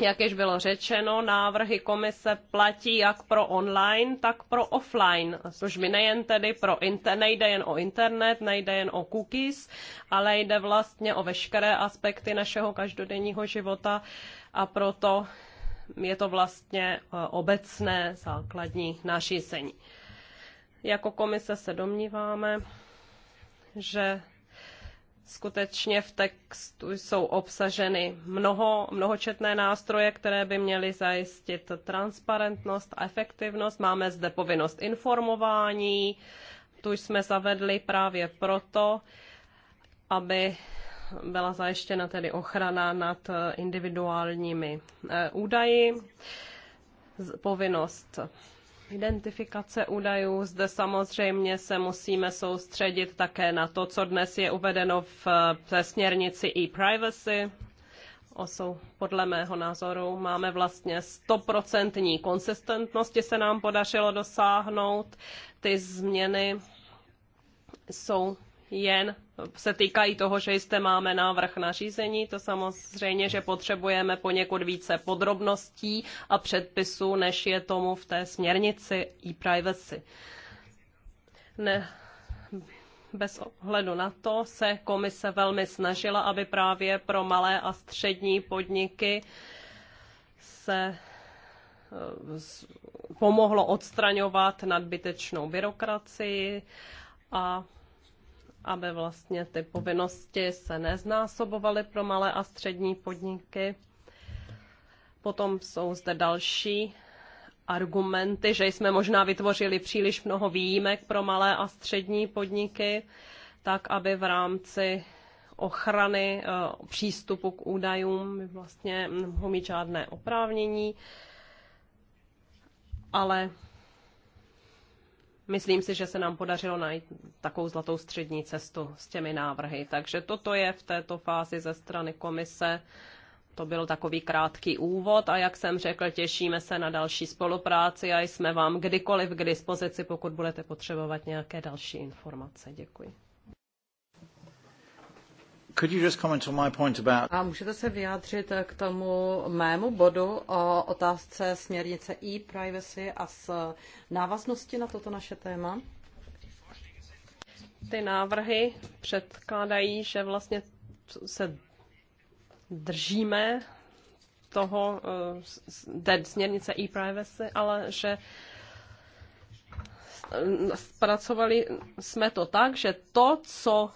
Jak již bylo řečeno, návrhy komise platí jak pro online, tak pro offline služby. Nejen tedy pro inter, nejde jen o internet, nejde jen o cookies, ale jde vlastně o veškeré aspekty našeho každodenního života a proto je to vlastně e, obecné základní nařízení. Jako komise se domníváme, že skutečně v textu jsou obsaženy mnoho, mnohočetné nástroje, které by měly zajistit transparentnost a efektivnost. Máme zde povinnost informování, tu jsme zavedli právě proto, aby byla zajištěna tedy ochrana nad individuálními eh, údaji, povinnost identifikace údajů. Zde samozřejmě se musíme soustředit také na to, co dnes je uvedeno v eh, té směrnici e-privacy. Osou, podle mého názoru máme vlastně stoprocentní konsistentnosti se nám podařilo dosáhnout. Ty změny jsou jen se týkají toho, že jste máme návrh na řízení, to samozřejmě, že potřebujeme poněkud více podrobností a předpisů, než je tomu v té směrnici e-privacy. Ne, bez ohledu na to se komise velmi snažila, aby právě pro malé a střední podniky se eh, pomohlo odstraňovat nadbytečnou byrokracii a aby vlastně ty povinnosti se neznásobovaly pro malé a střední podniky. Potom jsou zde další argumenty, že jsme možná vytvořili příliš mnoho výjimek pro malé a střední podniky, tak aby v rámci ochrany eh, přístupu k údajům vlastně nemohou mít žádné oprávnění. Ale Myslím si, že se nám podařilo najít takovou zlatou střední cestu s těmi návrhy. Takže toto je v této fázi ze strany komise. To byl takový krátký úvod a jak jsem řekl, těšíme se na další spolupráci a jsme vám kdykoliv k dispozici, pokud budete potřebovat nějaké další informace. Děkuji. Could you just comment on my point about... A můžete se vyjádřit k tomu mému bodu o otázce směrnice e-privacy a s návaznosti na toto naše téma? Ty návrhy předkládají, že vlastně se držíme toho eh, směrnice e-privacy, ale že zpracovali eh, jsme to tak, že to, co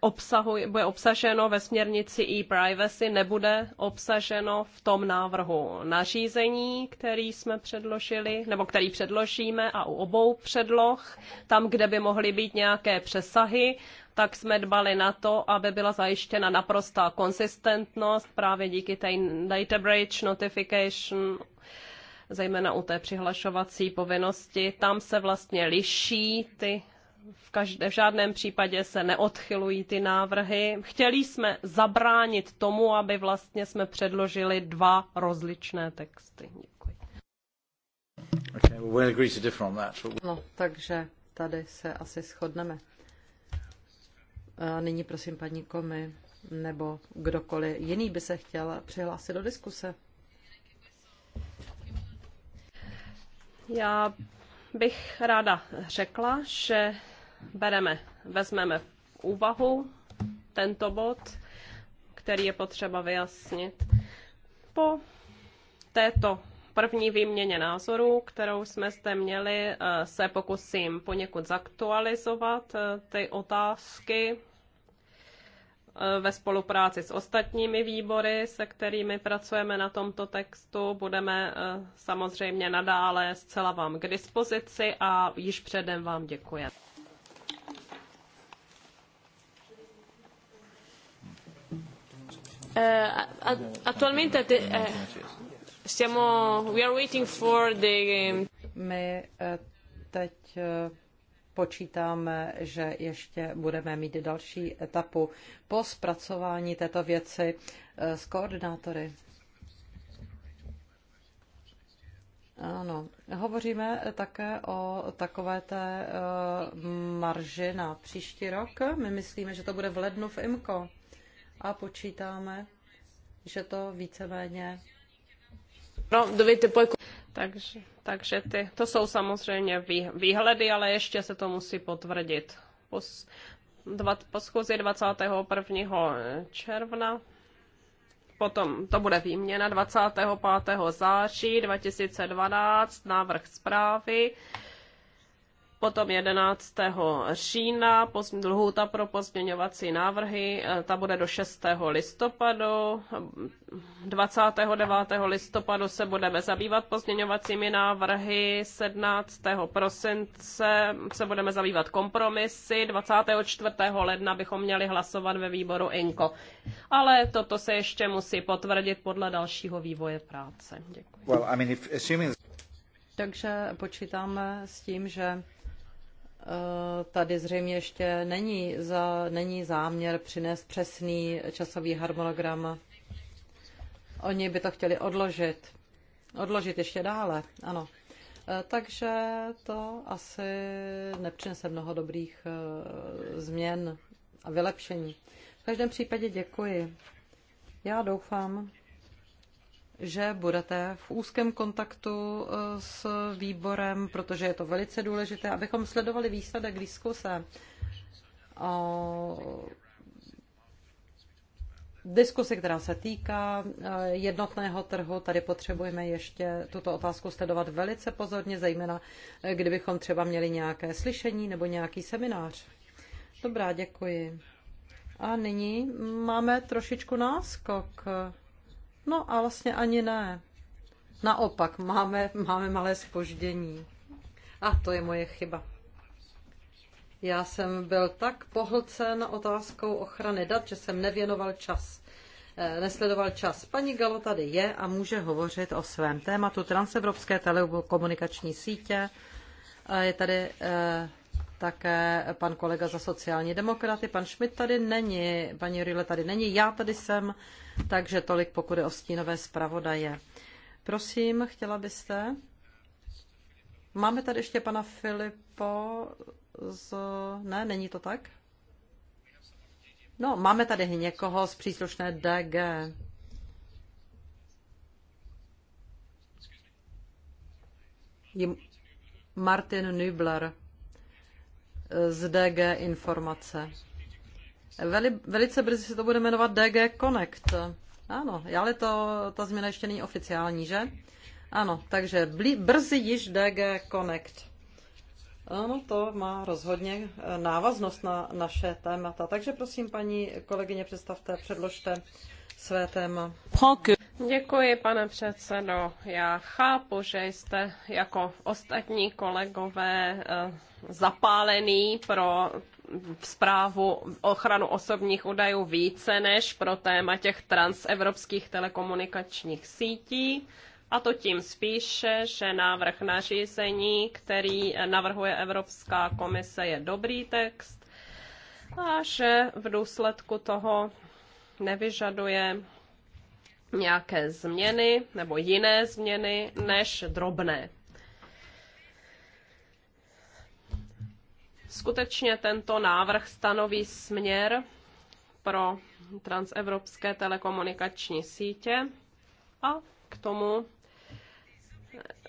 obsahuje, bude obsaženo ve směrnici e-privacy, nebude obsaženo v tom návrhu nařízení, který jsme předložili, nebo který předložíme a u obou předloh, tam, kde by mohly být nějaké přesahy, tak jsme dbali na to, aby byla zajištěna naprostá konsistentnost právě díky té data breach notification zejména u té přihlašovací povinnosti, tam se vlastně liší ty v, každé, v žádném případě se neodchylují ty návrhy. Chtěli jsme zabránit tomu, aby vlastně jsme předložili dva rozličné texty. Děkuji. Okay, well, we'll agree to differ on that, No, takže tady se asi shodneme. A nyní prosím paní Komy nebo kdokoliv jiný by se chtěl přihlásit do diskuse. Já bych ráda řekla, že bereme, vezmeme v úvahu tento bod, který je potřeba vyjasnit. Po této první výměně názorů, kterou jsme zde měli, eh, se pokusím poněkud zaktualizovat eh, ty otázky eh, ve spolupráci s ostatními výbory, se kterými pracujeme na tomto textu. Budeme samozřejmě nadále zcela vám k dispozici a již předem vám děkuji. Eh, attualmente eh, stiamo, we are waiting for the... Um, My eh, teď eh, počítáme, že ještě budeme mít další etapu po zpracování této věci s koordinátory. Ano, hovoříme také o takové té marži na příští rok. My myslíme, že to bude v lednu v IMCO a počítáme, že to víceméně. No, dovíte, pojďku. Takže, takže ty, to jsou samozřejmě výhledy, ale ještě se to musí potvrdit. Po, dva, po schůzi 21. června Potom to bude výměna 25. září 2012, návrh zprávy Potom 11. října lhůta pro pozměňovací návrhy, e, ta bude do 6. listopadu. 29. listopadu se budeme zabývat pozměňovacími návrhy, 17. prosince se budeme zabývat kompromisy, 24. ledna bychom měli hlasovat ve výboru INKO. Ale toto se ještě musí potvrdit podle dalšího vývoje práce. Děkuji. Well, I mean, if, assuming... Takže počítáme s tím, že Eh, tady zřejmě ještě není, za, není záměr přinést přesný časový harmonogram. Oni by to chtěli odložit. Odložit ještě dále, ano. Eh, takže to asi nepřinese mnoho dobrých eh, změn a vylepšení. V každém případě děkuji. Já doufám, že budete v úzkém kontaktu e, s výborem, protože je to velice důležité, abychom sledovali výsledek diskuse o diskuse, která se týká e, jednotného trhu. Tady potřebujeme ještě tuto otázku sledovat velice pozorně, zejména e, kdybychom třeba měli nějaké slyšení nebo nějaký seminář. Dobrá, děkuji. A nyní máme trošičku náskok No a vlastně ani ne. Naopak, máme, máme malé spoždění. A to je moje chyba. Já jsem byl tak pohlcen otázkou ochrany dat, že jsem nevěnoval čas. Eh, nesledoval čas. Paní Galo tady je a může hovořit o svém tématu transevropské telekomunikační sítě. Je tady eh, také pan kolega za sociální demokraty, pan Schmidt tady není, paní Rile tady není, já tady jsem takže tolik, pokud je o stínové zpravodaje. Prosím, chtěla byste? Máme tady ještě pana Filipo z... Ne, není to tak? No, máme tady někoho z příslušné DG. Je Martin Nübler z DG Informace. Veli, velice brzy se to bude jmenovat DG Connect. Ano, ale to, ta změna ještě není oficiální, že? Ano, takže blí, brzy již DG Connect. Ano, to má rozhodně eh, návaznost na naše témata. Takže prosím, paní kolegyně, představte, předložte své téma. Děkuji, pane předsedo. Já chápu, že jste jako ostatní kolegové eh, zapálený pro v zprávu ochranu osobních údajů více než pro téma těch transevropských telekomunikačních sítí. A to tím spíše, že návrh nařízení, který navrhuje Evropská komise, je dobrý text a že v důsledku toho nevyžaduje nějaké změny nebo jiné změny než drobné. Skutečně tento návrh stanoví směr pro transevropské telekomunikační sítě a k tomu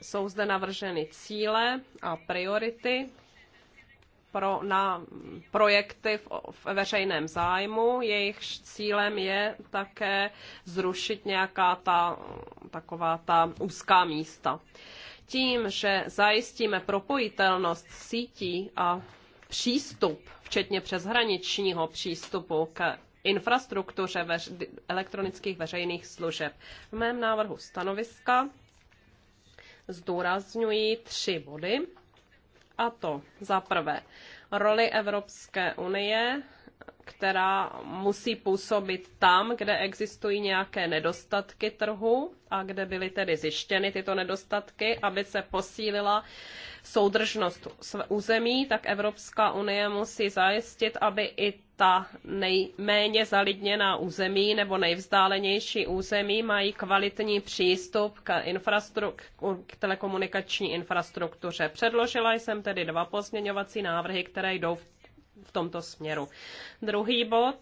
jsou zde navrženy cíle a priority pro, na projekty v, v veřejném zájmu. Jejich cílem je také zrušit nějaká ta, taková ta úzká místa. Tím, že zajistíme propojitelnost sítí a přístup, včetně přeshraničního přístupu k infrastruktuře veř- elektronických veřejných služeb. V mém návrhu stanoviska zdůrazňuji tři body, a to za prvé roli Evropské unie která musí působit tam, kde existují nějaké nedostatky trhu a kde byly tedy zjištěny tyto nedostatky, aby se posílila soudržnost území, tak Evropská unie musí zajistit, aby i ta nejméně zalidněná území nebo nejvzdálenější území mají kvalitní přístup k, infrastruk- k telekomunikační infrastruktuře. Předložila jsem tedy dva pozměňovací návrhy, které jdou v v tomto směru. Druhý bod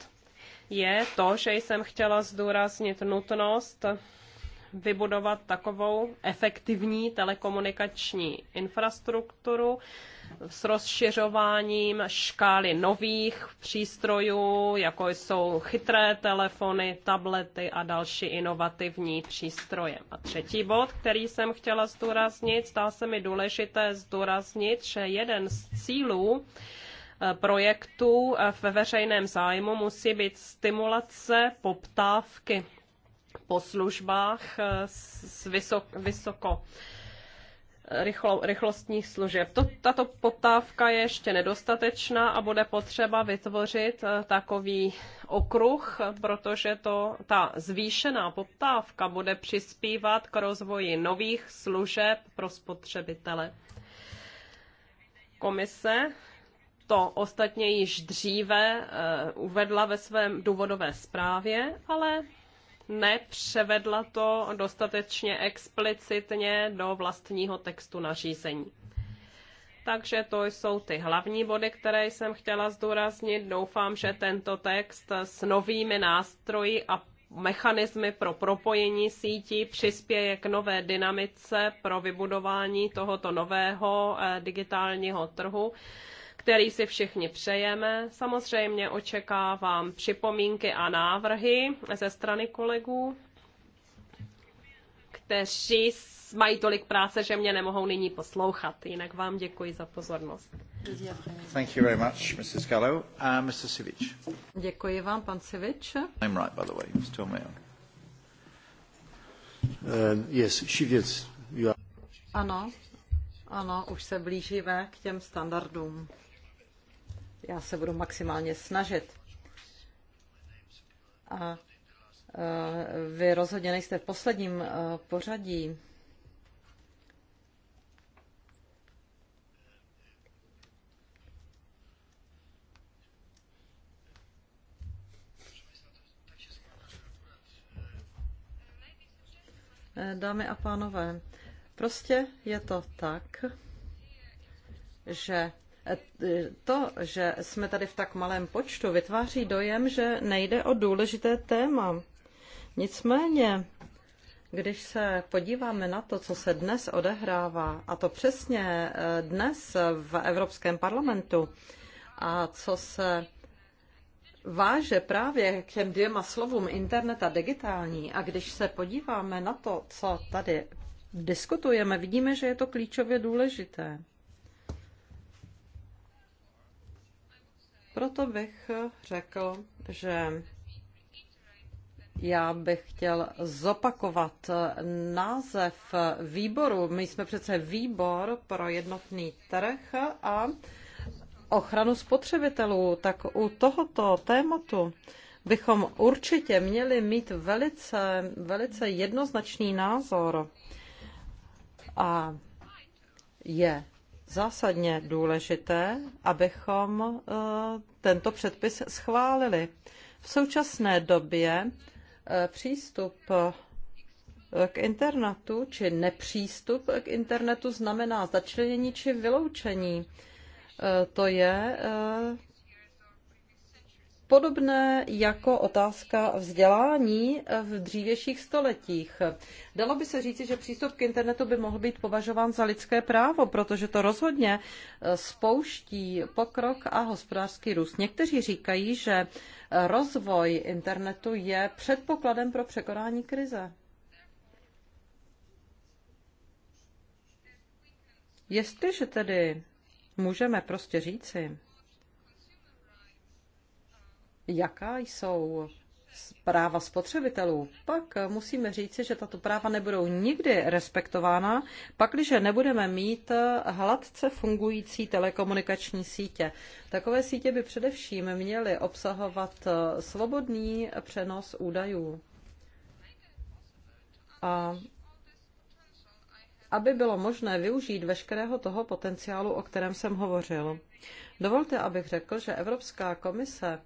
je to, že jsem chtěla zdůraznit nutnost vybudovat takovou efektivní telekomunikační infrastrukturu s rozšiřováním škály nových přístrojů, jako jsou chytré telefony, tablety a další inovativní přístroje. A třetí bod, který jsem chtěla zdůraznit, stá se mi důležité zdůraznit, že jeden z cílů, projektů eh, ve veřejném zájmu musí být stimulace poptávky po službách eh, s vysok, vysoko eh, rychlo, rychlostních služeb. To, tato poptávka je ještě nedostatečná a bude potřeba vytvořit takový okruh, protože to, ta zvýšená poptávka bude přispívat k rozvoji nových služeb pro spotřebitele. Komise to ostatně již dříve eh, uvedla ve svém důvodové zprávě, ale nepřevedla to dostatečně explicitně do vlastního textu nařízení. Takže to jsou ty hlavní body, které jsem chtěla zdůraznit. Doufám, že tento text s novými nástroji a mechanismy pro propojení sítí přispěje k nové dynamice pro vybudování tohoto nového eh, digitálního trhu který si všichni přejeme. Samozřejmě očekávám připomínky a návrhy ze strany kolegů, kteří mají tolik práce, že mě nemohou nyní poslouchat. Jinak vám děkuji za pozornost. Thank you very much, Mrs. Gallo. Uh, Mr. Sivic. Děkuji vám, pan Sivic. I'm right, by the way. Mr. Uh, yes, you Are... Ano, ano, už se blížíme k těm standardům. Já se budu maximálně snažit. A e, vy rozhodně nejste v posledním e, pořadí. E, dámy a pánové, prostě je to tak, že to, že jsme tady v tak malém počtu, vytváří dojem, že nejde o důležité téma. Nicméně, když se podíváme na to, co se dnes odehrává, a to přesně eh, dnes v Evropském parlamentu, a co se váže právě k těm dvěma slovům internet a digitální. A když se podíváme na to, co tady diskutujeme, vidíme, že je to klíčově důležité. Proto bych řekl, že já bych chtěl zopakovat název výboru. My jsme přece výbor pro jednotný trh a ochranu spotřebitelů. Tak u tohoto tématu bychom určitě měli mít velice, velice jednoznačný názor. A je zásadně důležité, abychom eh, tento předpis schválili. V současné době eh, přístup eh, k internetu či nepřístup k internetu znamená začlenění či vyloučení. To je podobné jako otázka vzdělání v dřívějších stoletích. Dalo by se říci, že přístup k internetu by mohl být považován za lidské právo, protože to rozhodně eh, spouští pokrok a hospodářský růst. Někteří říkají, že rozvoj internetu je předpokladem pro překonání krize. Jestliže tedy můžeme prostě říci, jaká jsou práva spotřebitelů, pak musíme říci, že tato práva nebudou nikdy respektována, pakliže nebudeme mít hladce fungující telekomunikační sítě. Takové sítě by především měly obsahovat svobodný přenos údajů. A aby bylo možné využít veškerého toho potenciálu, o kterém jsem hovořil. Dovolte, abych řekl, že Evropská komise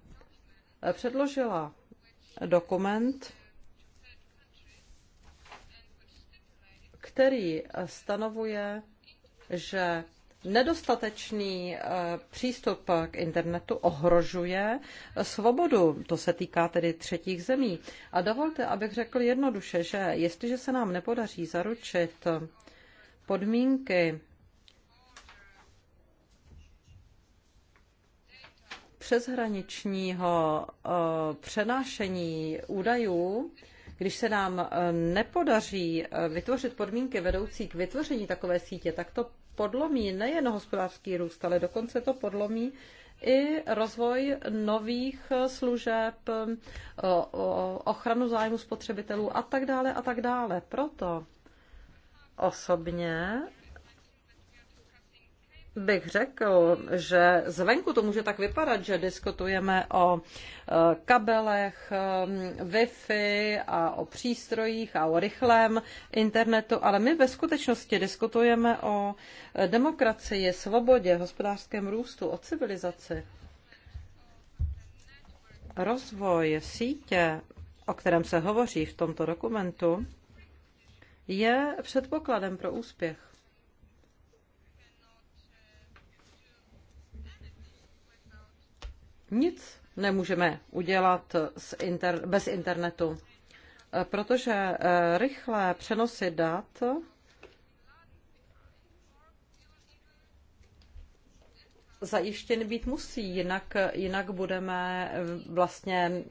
předložila dokument, který stanovuje, že nedostatečný eh, přístup k internetu ohrožuje svobodu. To se týká tedy třetích zemí. A dovolte, abych řekl jednoduše, že jestliže se nám nepodaří zaručit podmínky přeshraničního eh, přenášení údajů, když se nám eh, nepodaří eh, vytvořit podmínky vedoucí k vytvoření takové sítě, tak to podlomí nejen hospodářský růst, ale dokonce to podlomí i rozvoj nových služeb, ochranu zájmu spotřebitelů a tak dále a tak dále. Proto osobně bych řekl, že zvenku to může tak vypadat, že diskutujeme o e, kabelech, e, Wi-Fi a o přístrojích a o rychlém internetu, ale my ve skutečnosti diskutujeme o e, demokracii, svobodě, hospodářském růstu, o civilizaci. Rozvoj sítě, o kterém se hovoří v tomto dokumentu, je předpokladem pro úspěch. Nic nemůžeme udělat inter, bez internetu, eh, protože eh, rychlé přenosy dat zajištěny být musí, jinak, jinak budeme eh, vlastně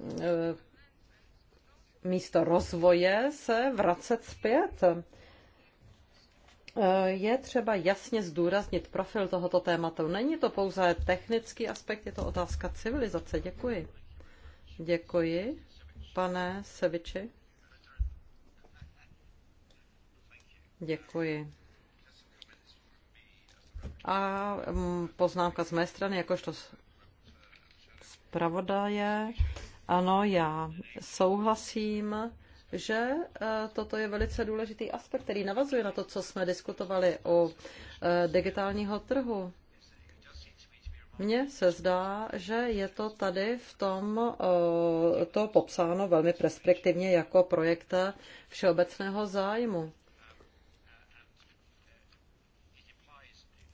místo rozvoje se vracet zpět. Eh, je třeba jasně zdůraznit profil tohoto tématu. Není to pouze technický aspekt, je to otázka civilizace. Děkuji. Děkuji, pane Seviči. Děkuji. A mm, poznámka z mé strany, jakožto zpravodaje. Ano, já souhlasím že e, toto je velice důležitý aspekt, který navazuje na to, co jsme diskutovali o e, digitálního trhu. Mně se zdá, že je to tady v tom e, to popsáno velmi perspektivně jako projekt všeobecného zájmu.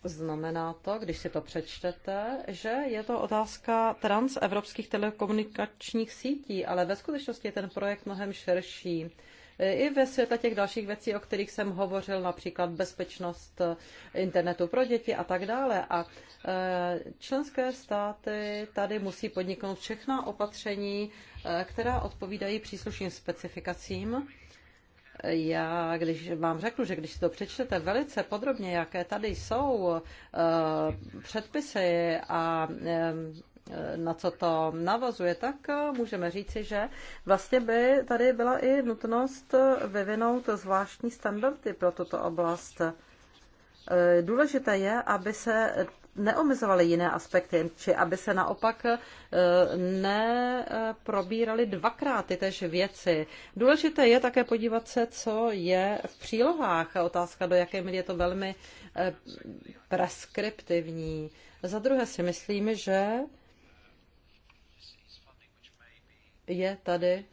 Znamená to, když si to přečtete, že je to otázka transevropských telekomunikačních sítí, ale ve skutečnosti je ten projekt mnohem širší. I ve světle těch dalších věcí, o kterých jsem hovořil, například bezpečnost internetu pro děti a tak dále. A e, členské státy tady musí podniknout všechna opatření, e, která odpovídají příslušným specifikacím já, když vám řeknu, že když si to přečtete velice podrobně, jaké tady jsou eh, předpisy a eh, na co to navazuje, tak eh, můžeme říci, že vlastně by tady byla i nutnost vyvinout zvláštní standardy pro tuto oblast. Důležité je, aby se neomezovaly jiné aspekty, či aby se naopak eh, neprobíraly dvakrát ty tež věci. Důležité je také podívat se, co je v přílohách. Otázka, do jaké míry je to velmi eh, preskriptivní. Za druhé si myslím, že je tady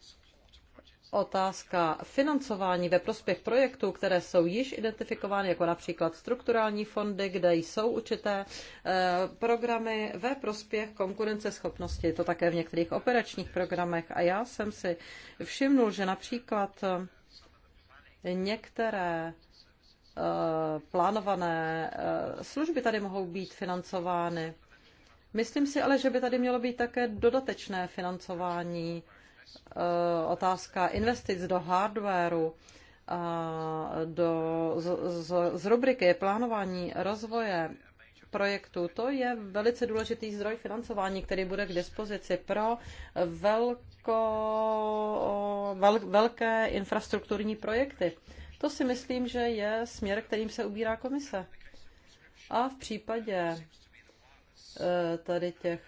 otázka financování ve prospěch projektů, které jsou již identifikovány, jako například strukturální fondy, kde jsou určité eh, programy ve prospěch konkurenceschopnosti, je to také v některých operačních programech. A já jsem si všimnul, že například eh, některé eh, plánované služby tady mohou být financovány. Myslím si ale, že by tady mělo být také dodatečné financování Eh, otázka investic do hardwareu, eh, do, z, z, z rubriky plánování rozvoje projektu. To je velice důležitý zdroj financování, který bude k dispozici pro velko, vel, velké infrastrukturní projekty. To si myslím, že je směr, kterým se ubírá komise. A v případě eh, tady těch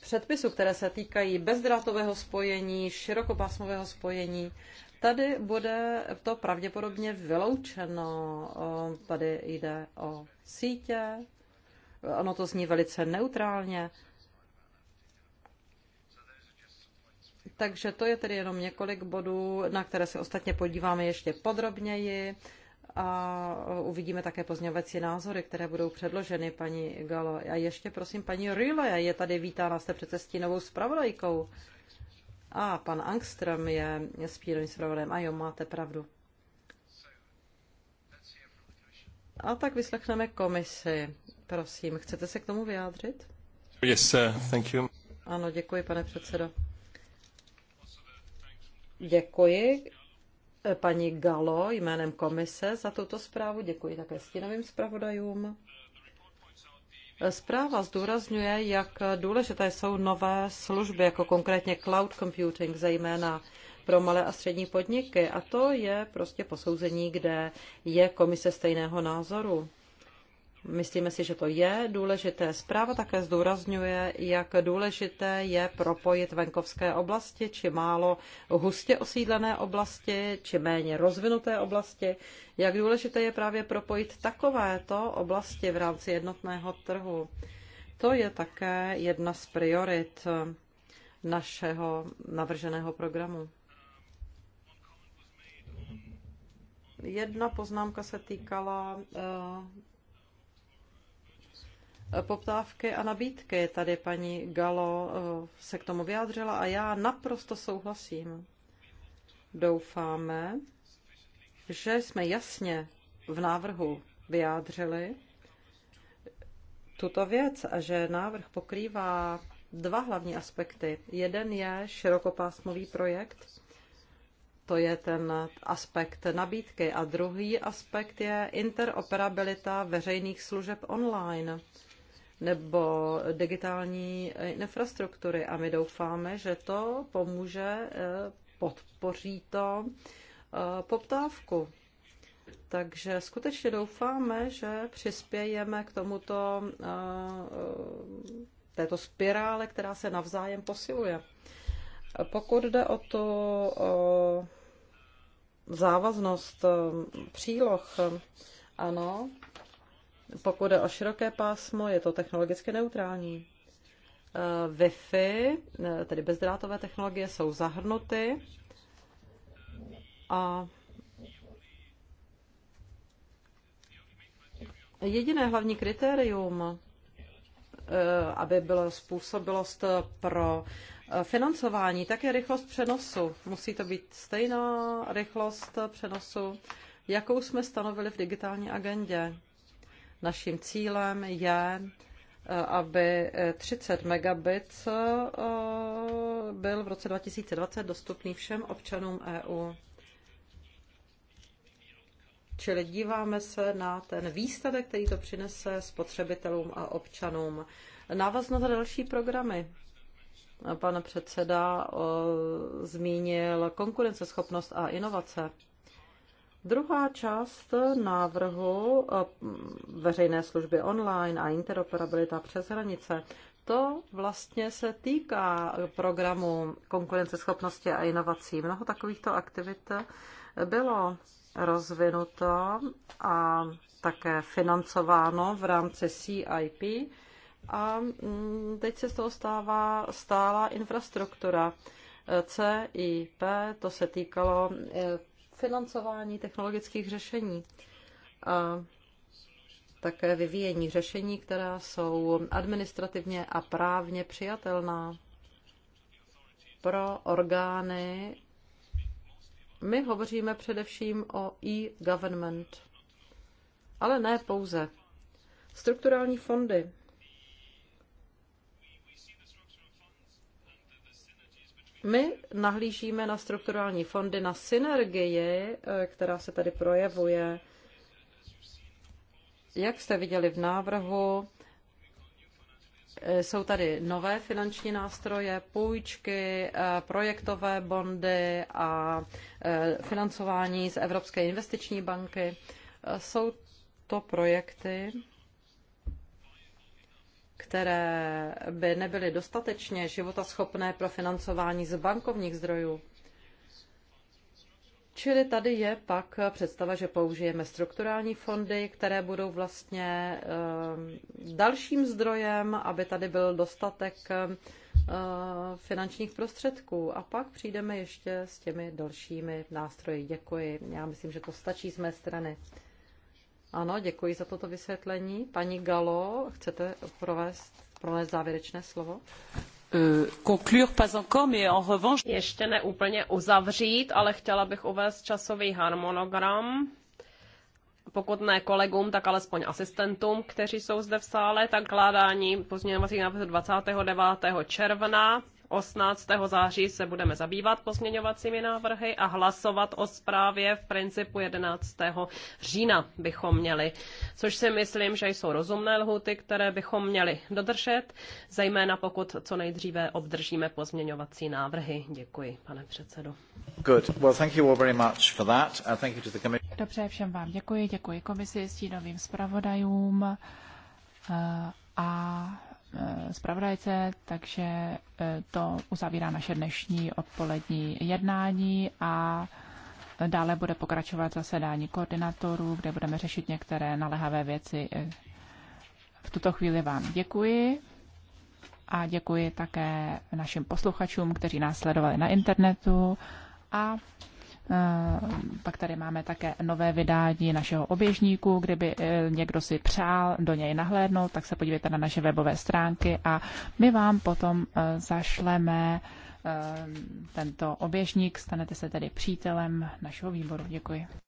předpisů, které se týkají bezdrátového spojení, širokopásmového spojení, tady bude to pravděpodobně vyloučeno. Eh, tady jde o sítě, ono to zní velice neutrálně. Takže to je tedy jenom několik bodů, na které se ostatně podíváme ještě podrobněji a uvidíme také pozměňovací názory, které budou předloženy paní Galo. A ještě prosím, paní Rilo, je tady vítána, jste přece stínovou zpravodajkou. A pan Angström je, je spírovým zpravodajem. A jo, máte pravdu. A tak vyslechneme komisi. Prosím, chcete se k tomu vyjádřit? Yes, sir. Thank you. Ano, děkuji, pane předsedo. Děkuji paní Galo jménem komise za tuto zprávu. Děkuji také stínovým zpravodajům. Zpráva zdůrazňuje, jak důležité jsou nové služby, jako konkrétně cloud computing, zejména pro malé a střední podniky. A to je prostě posouzení, kde je komise stejného názoru. Myslíme si, že to je důležité. Zpráva také zdůrazňuje, jak důležité je propojit venkovské oblasti, či málo hustě osídlené oblasti, či méně rozvinuté oblasti. Jak důležité je právě propojit takovéto oblasti v rámci jednotného trhu. To je také jedna z priorit našeho navrženého programu. Jedna poznámka se týkala eh, poptávky a nabídky. Tady paní Galo eh, se k tomu vyjádřila a já naprosto souhlasím. Doufáme, že jsme jasně v návrhu vyjádřili tuto věc a že návrh pokrývá dva hlavní aspekty. Jeden je širokopásmový projekt, to je ten aspekt nabídky. A druhý aspekt je interoperabilita veřejných služeb online nebo digitální eh, infrastruktury. A my doufáme, že to pomůže, eh, podpoří to eh, poptávku. Takže skutečně doufáme, že přispějeme k tomuto této spirále, která se navzájem posiluje. Pokud jde o to závaznost příloh, ano, pokud je o široké pásmo, je to technologicky neutrální. E, Wi-Fi, e, tedy bezdrátové technologie, jsou zahrnuty a jediné hlavní kritérium, e, aby byla způsobilost pro financování, tak je rychlost přenosu. Musí to být stejná rychlost přenosu, jakou jsme stanovili v digitální agendě. Naším cílem je, eh, aby 30 eh, megabit eh, byl v roce 2020 dostupný všem občanům EU. Čili díváme se na ten výsledek, který to přinese spotřebitelům a občanům. Návazno na další programy. Pan předseda zmínil konkurenceschopnost a inovace. Druhá část návrhu eh, veřejné služby online a interoperabilita přes hranice, to vlastně se týká programu konkurenceschopnosti a inovací. Mnoho takovýchto aktivit bylo rozvinuto a také financováno v rámci CIP. A mm, teď se z toho stává stála infrastruktura. Eh, CIP, to se týkalo eh, financování technologických řešení a také vyvíjení řešení, která jsou administrativně a právně přijatelná pro orgány. My hovoříme především o e-government, ale ne pouze. Strukturální fondy My nahlížíme na strukturální fondy, na synergii, eh, která se tady projevuje. Jak jste viděli v návrhu, eh, jsou tady nové finanční nástroje, půjčky, eh, projektové bondy a financování z Evropské investiční banky. Jsou to projekty, které by nebyly dostatečně životaschopné pro financování z bankovních zdrojů. Čili tady je pak představa, že použijeme strukturální fondy, které budou vlastně eh, dalším zdrojem, aby tady byl dostatek eh, finančních prostředků. A pak přijdeme ještě s těmi dalšími nástroji. Děkuji. Já myslím, že to stačí z mé strany. Ano, děkuji za toto vysvětlení. Paní Galo, chcete provést, provést závěrečné slovo? Euh, conclure pas encore, mais en revanche... Ještě neúplně uzavřít, ale chtěla bych uvést časový harmonogram. Pokud ne kolegům, tak alespoň asistentům, kteří jsou zde v sále, tak kládání pozměňovacích návrhů 29. června 18. září se budeme zabývat pozměňovacími návrhy a hlasovat o zprávě v principu 11. října bychom měli, což si myslím, že jsou rozumné lhuty, které bychom měli dodržet, zejména pokud co nejdříve obdržíme pozměňovací návrhy. Děkuji, pane předsedo. Uh, Dobře, všem vám děkuji. Děkuji komisi, stínovým zpravodajům uh, a Eh, zpravodajce, takže eh, to uzavírá naše dnešní odpolední jednání a dále bude pokračovat zasedání koordinátorů, kde budeme řešit některé nalehavé věci. V tuto chvíli vám děkuji a děkuji také našim posluchačům, kteří nás sledovali na internetu a Eh, pak tady máme také nové vydání našeho oběžníku, kdyby eh, někdo si přál do něj nahlédnout, tak se podívejte na naše webové stránky a my vám potom eh, zašleme tento oběžník. Stanete se tedy přítelem našeho výboru. Děkuji.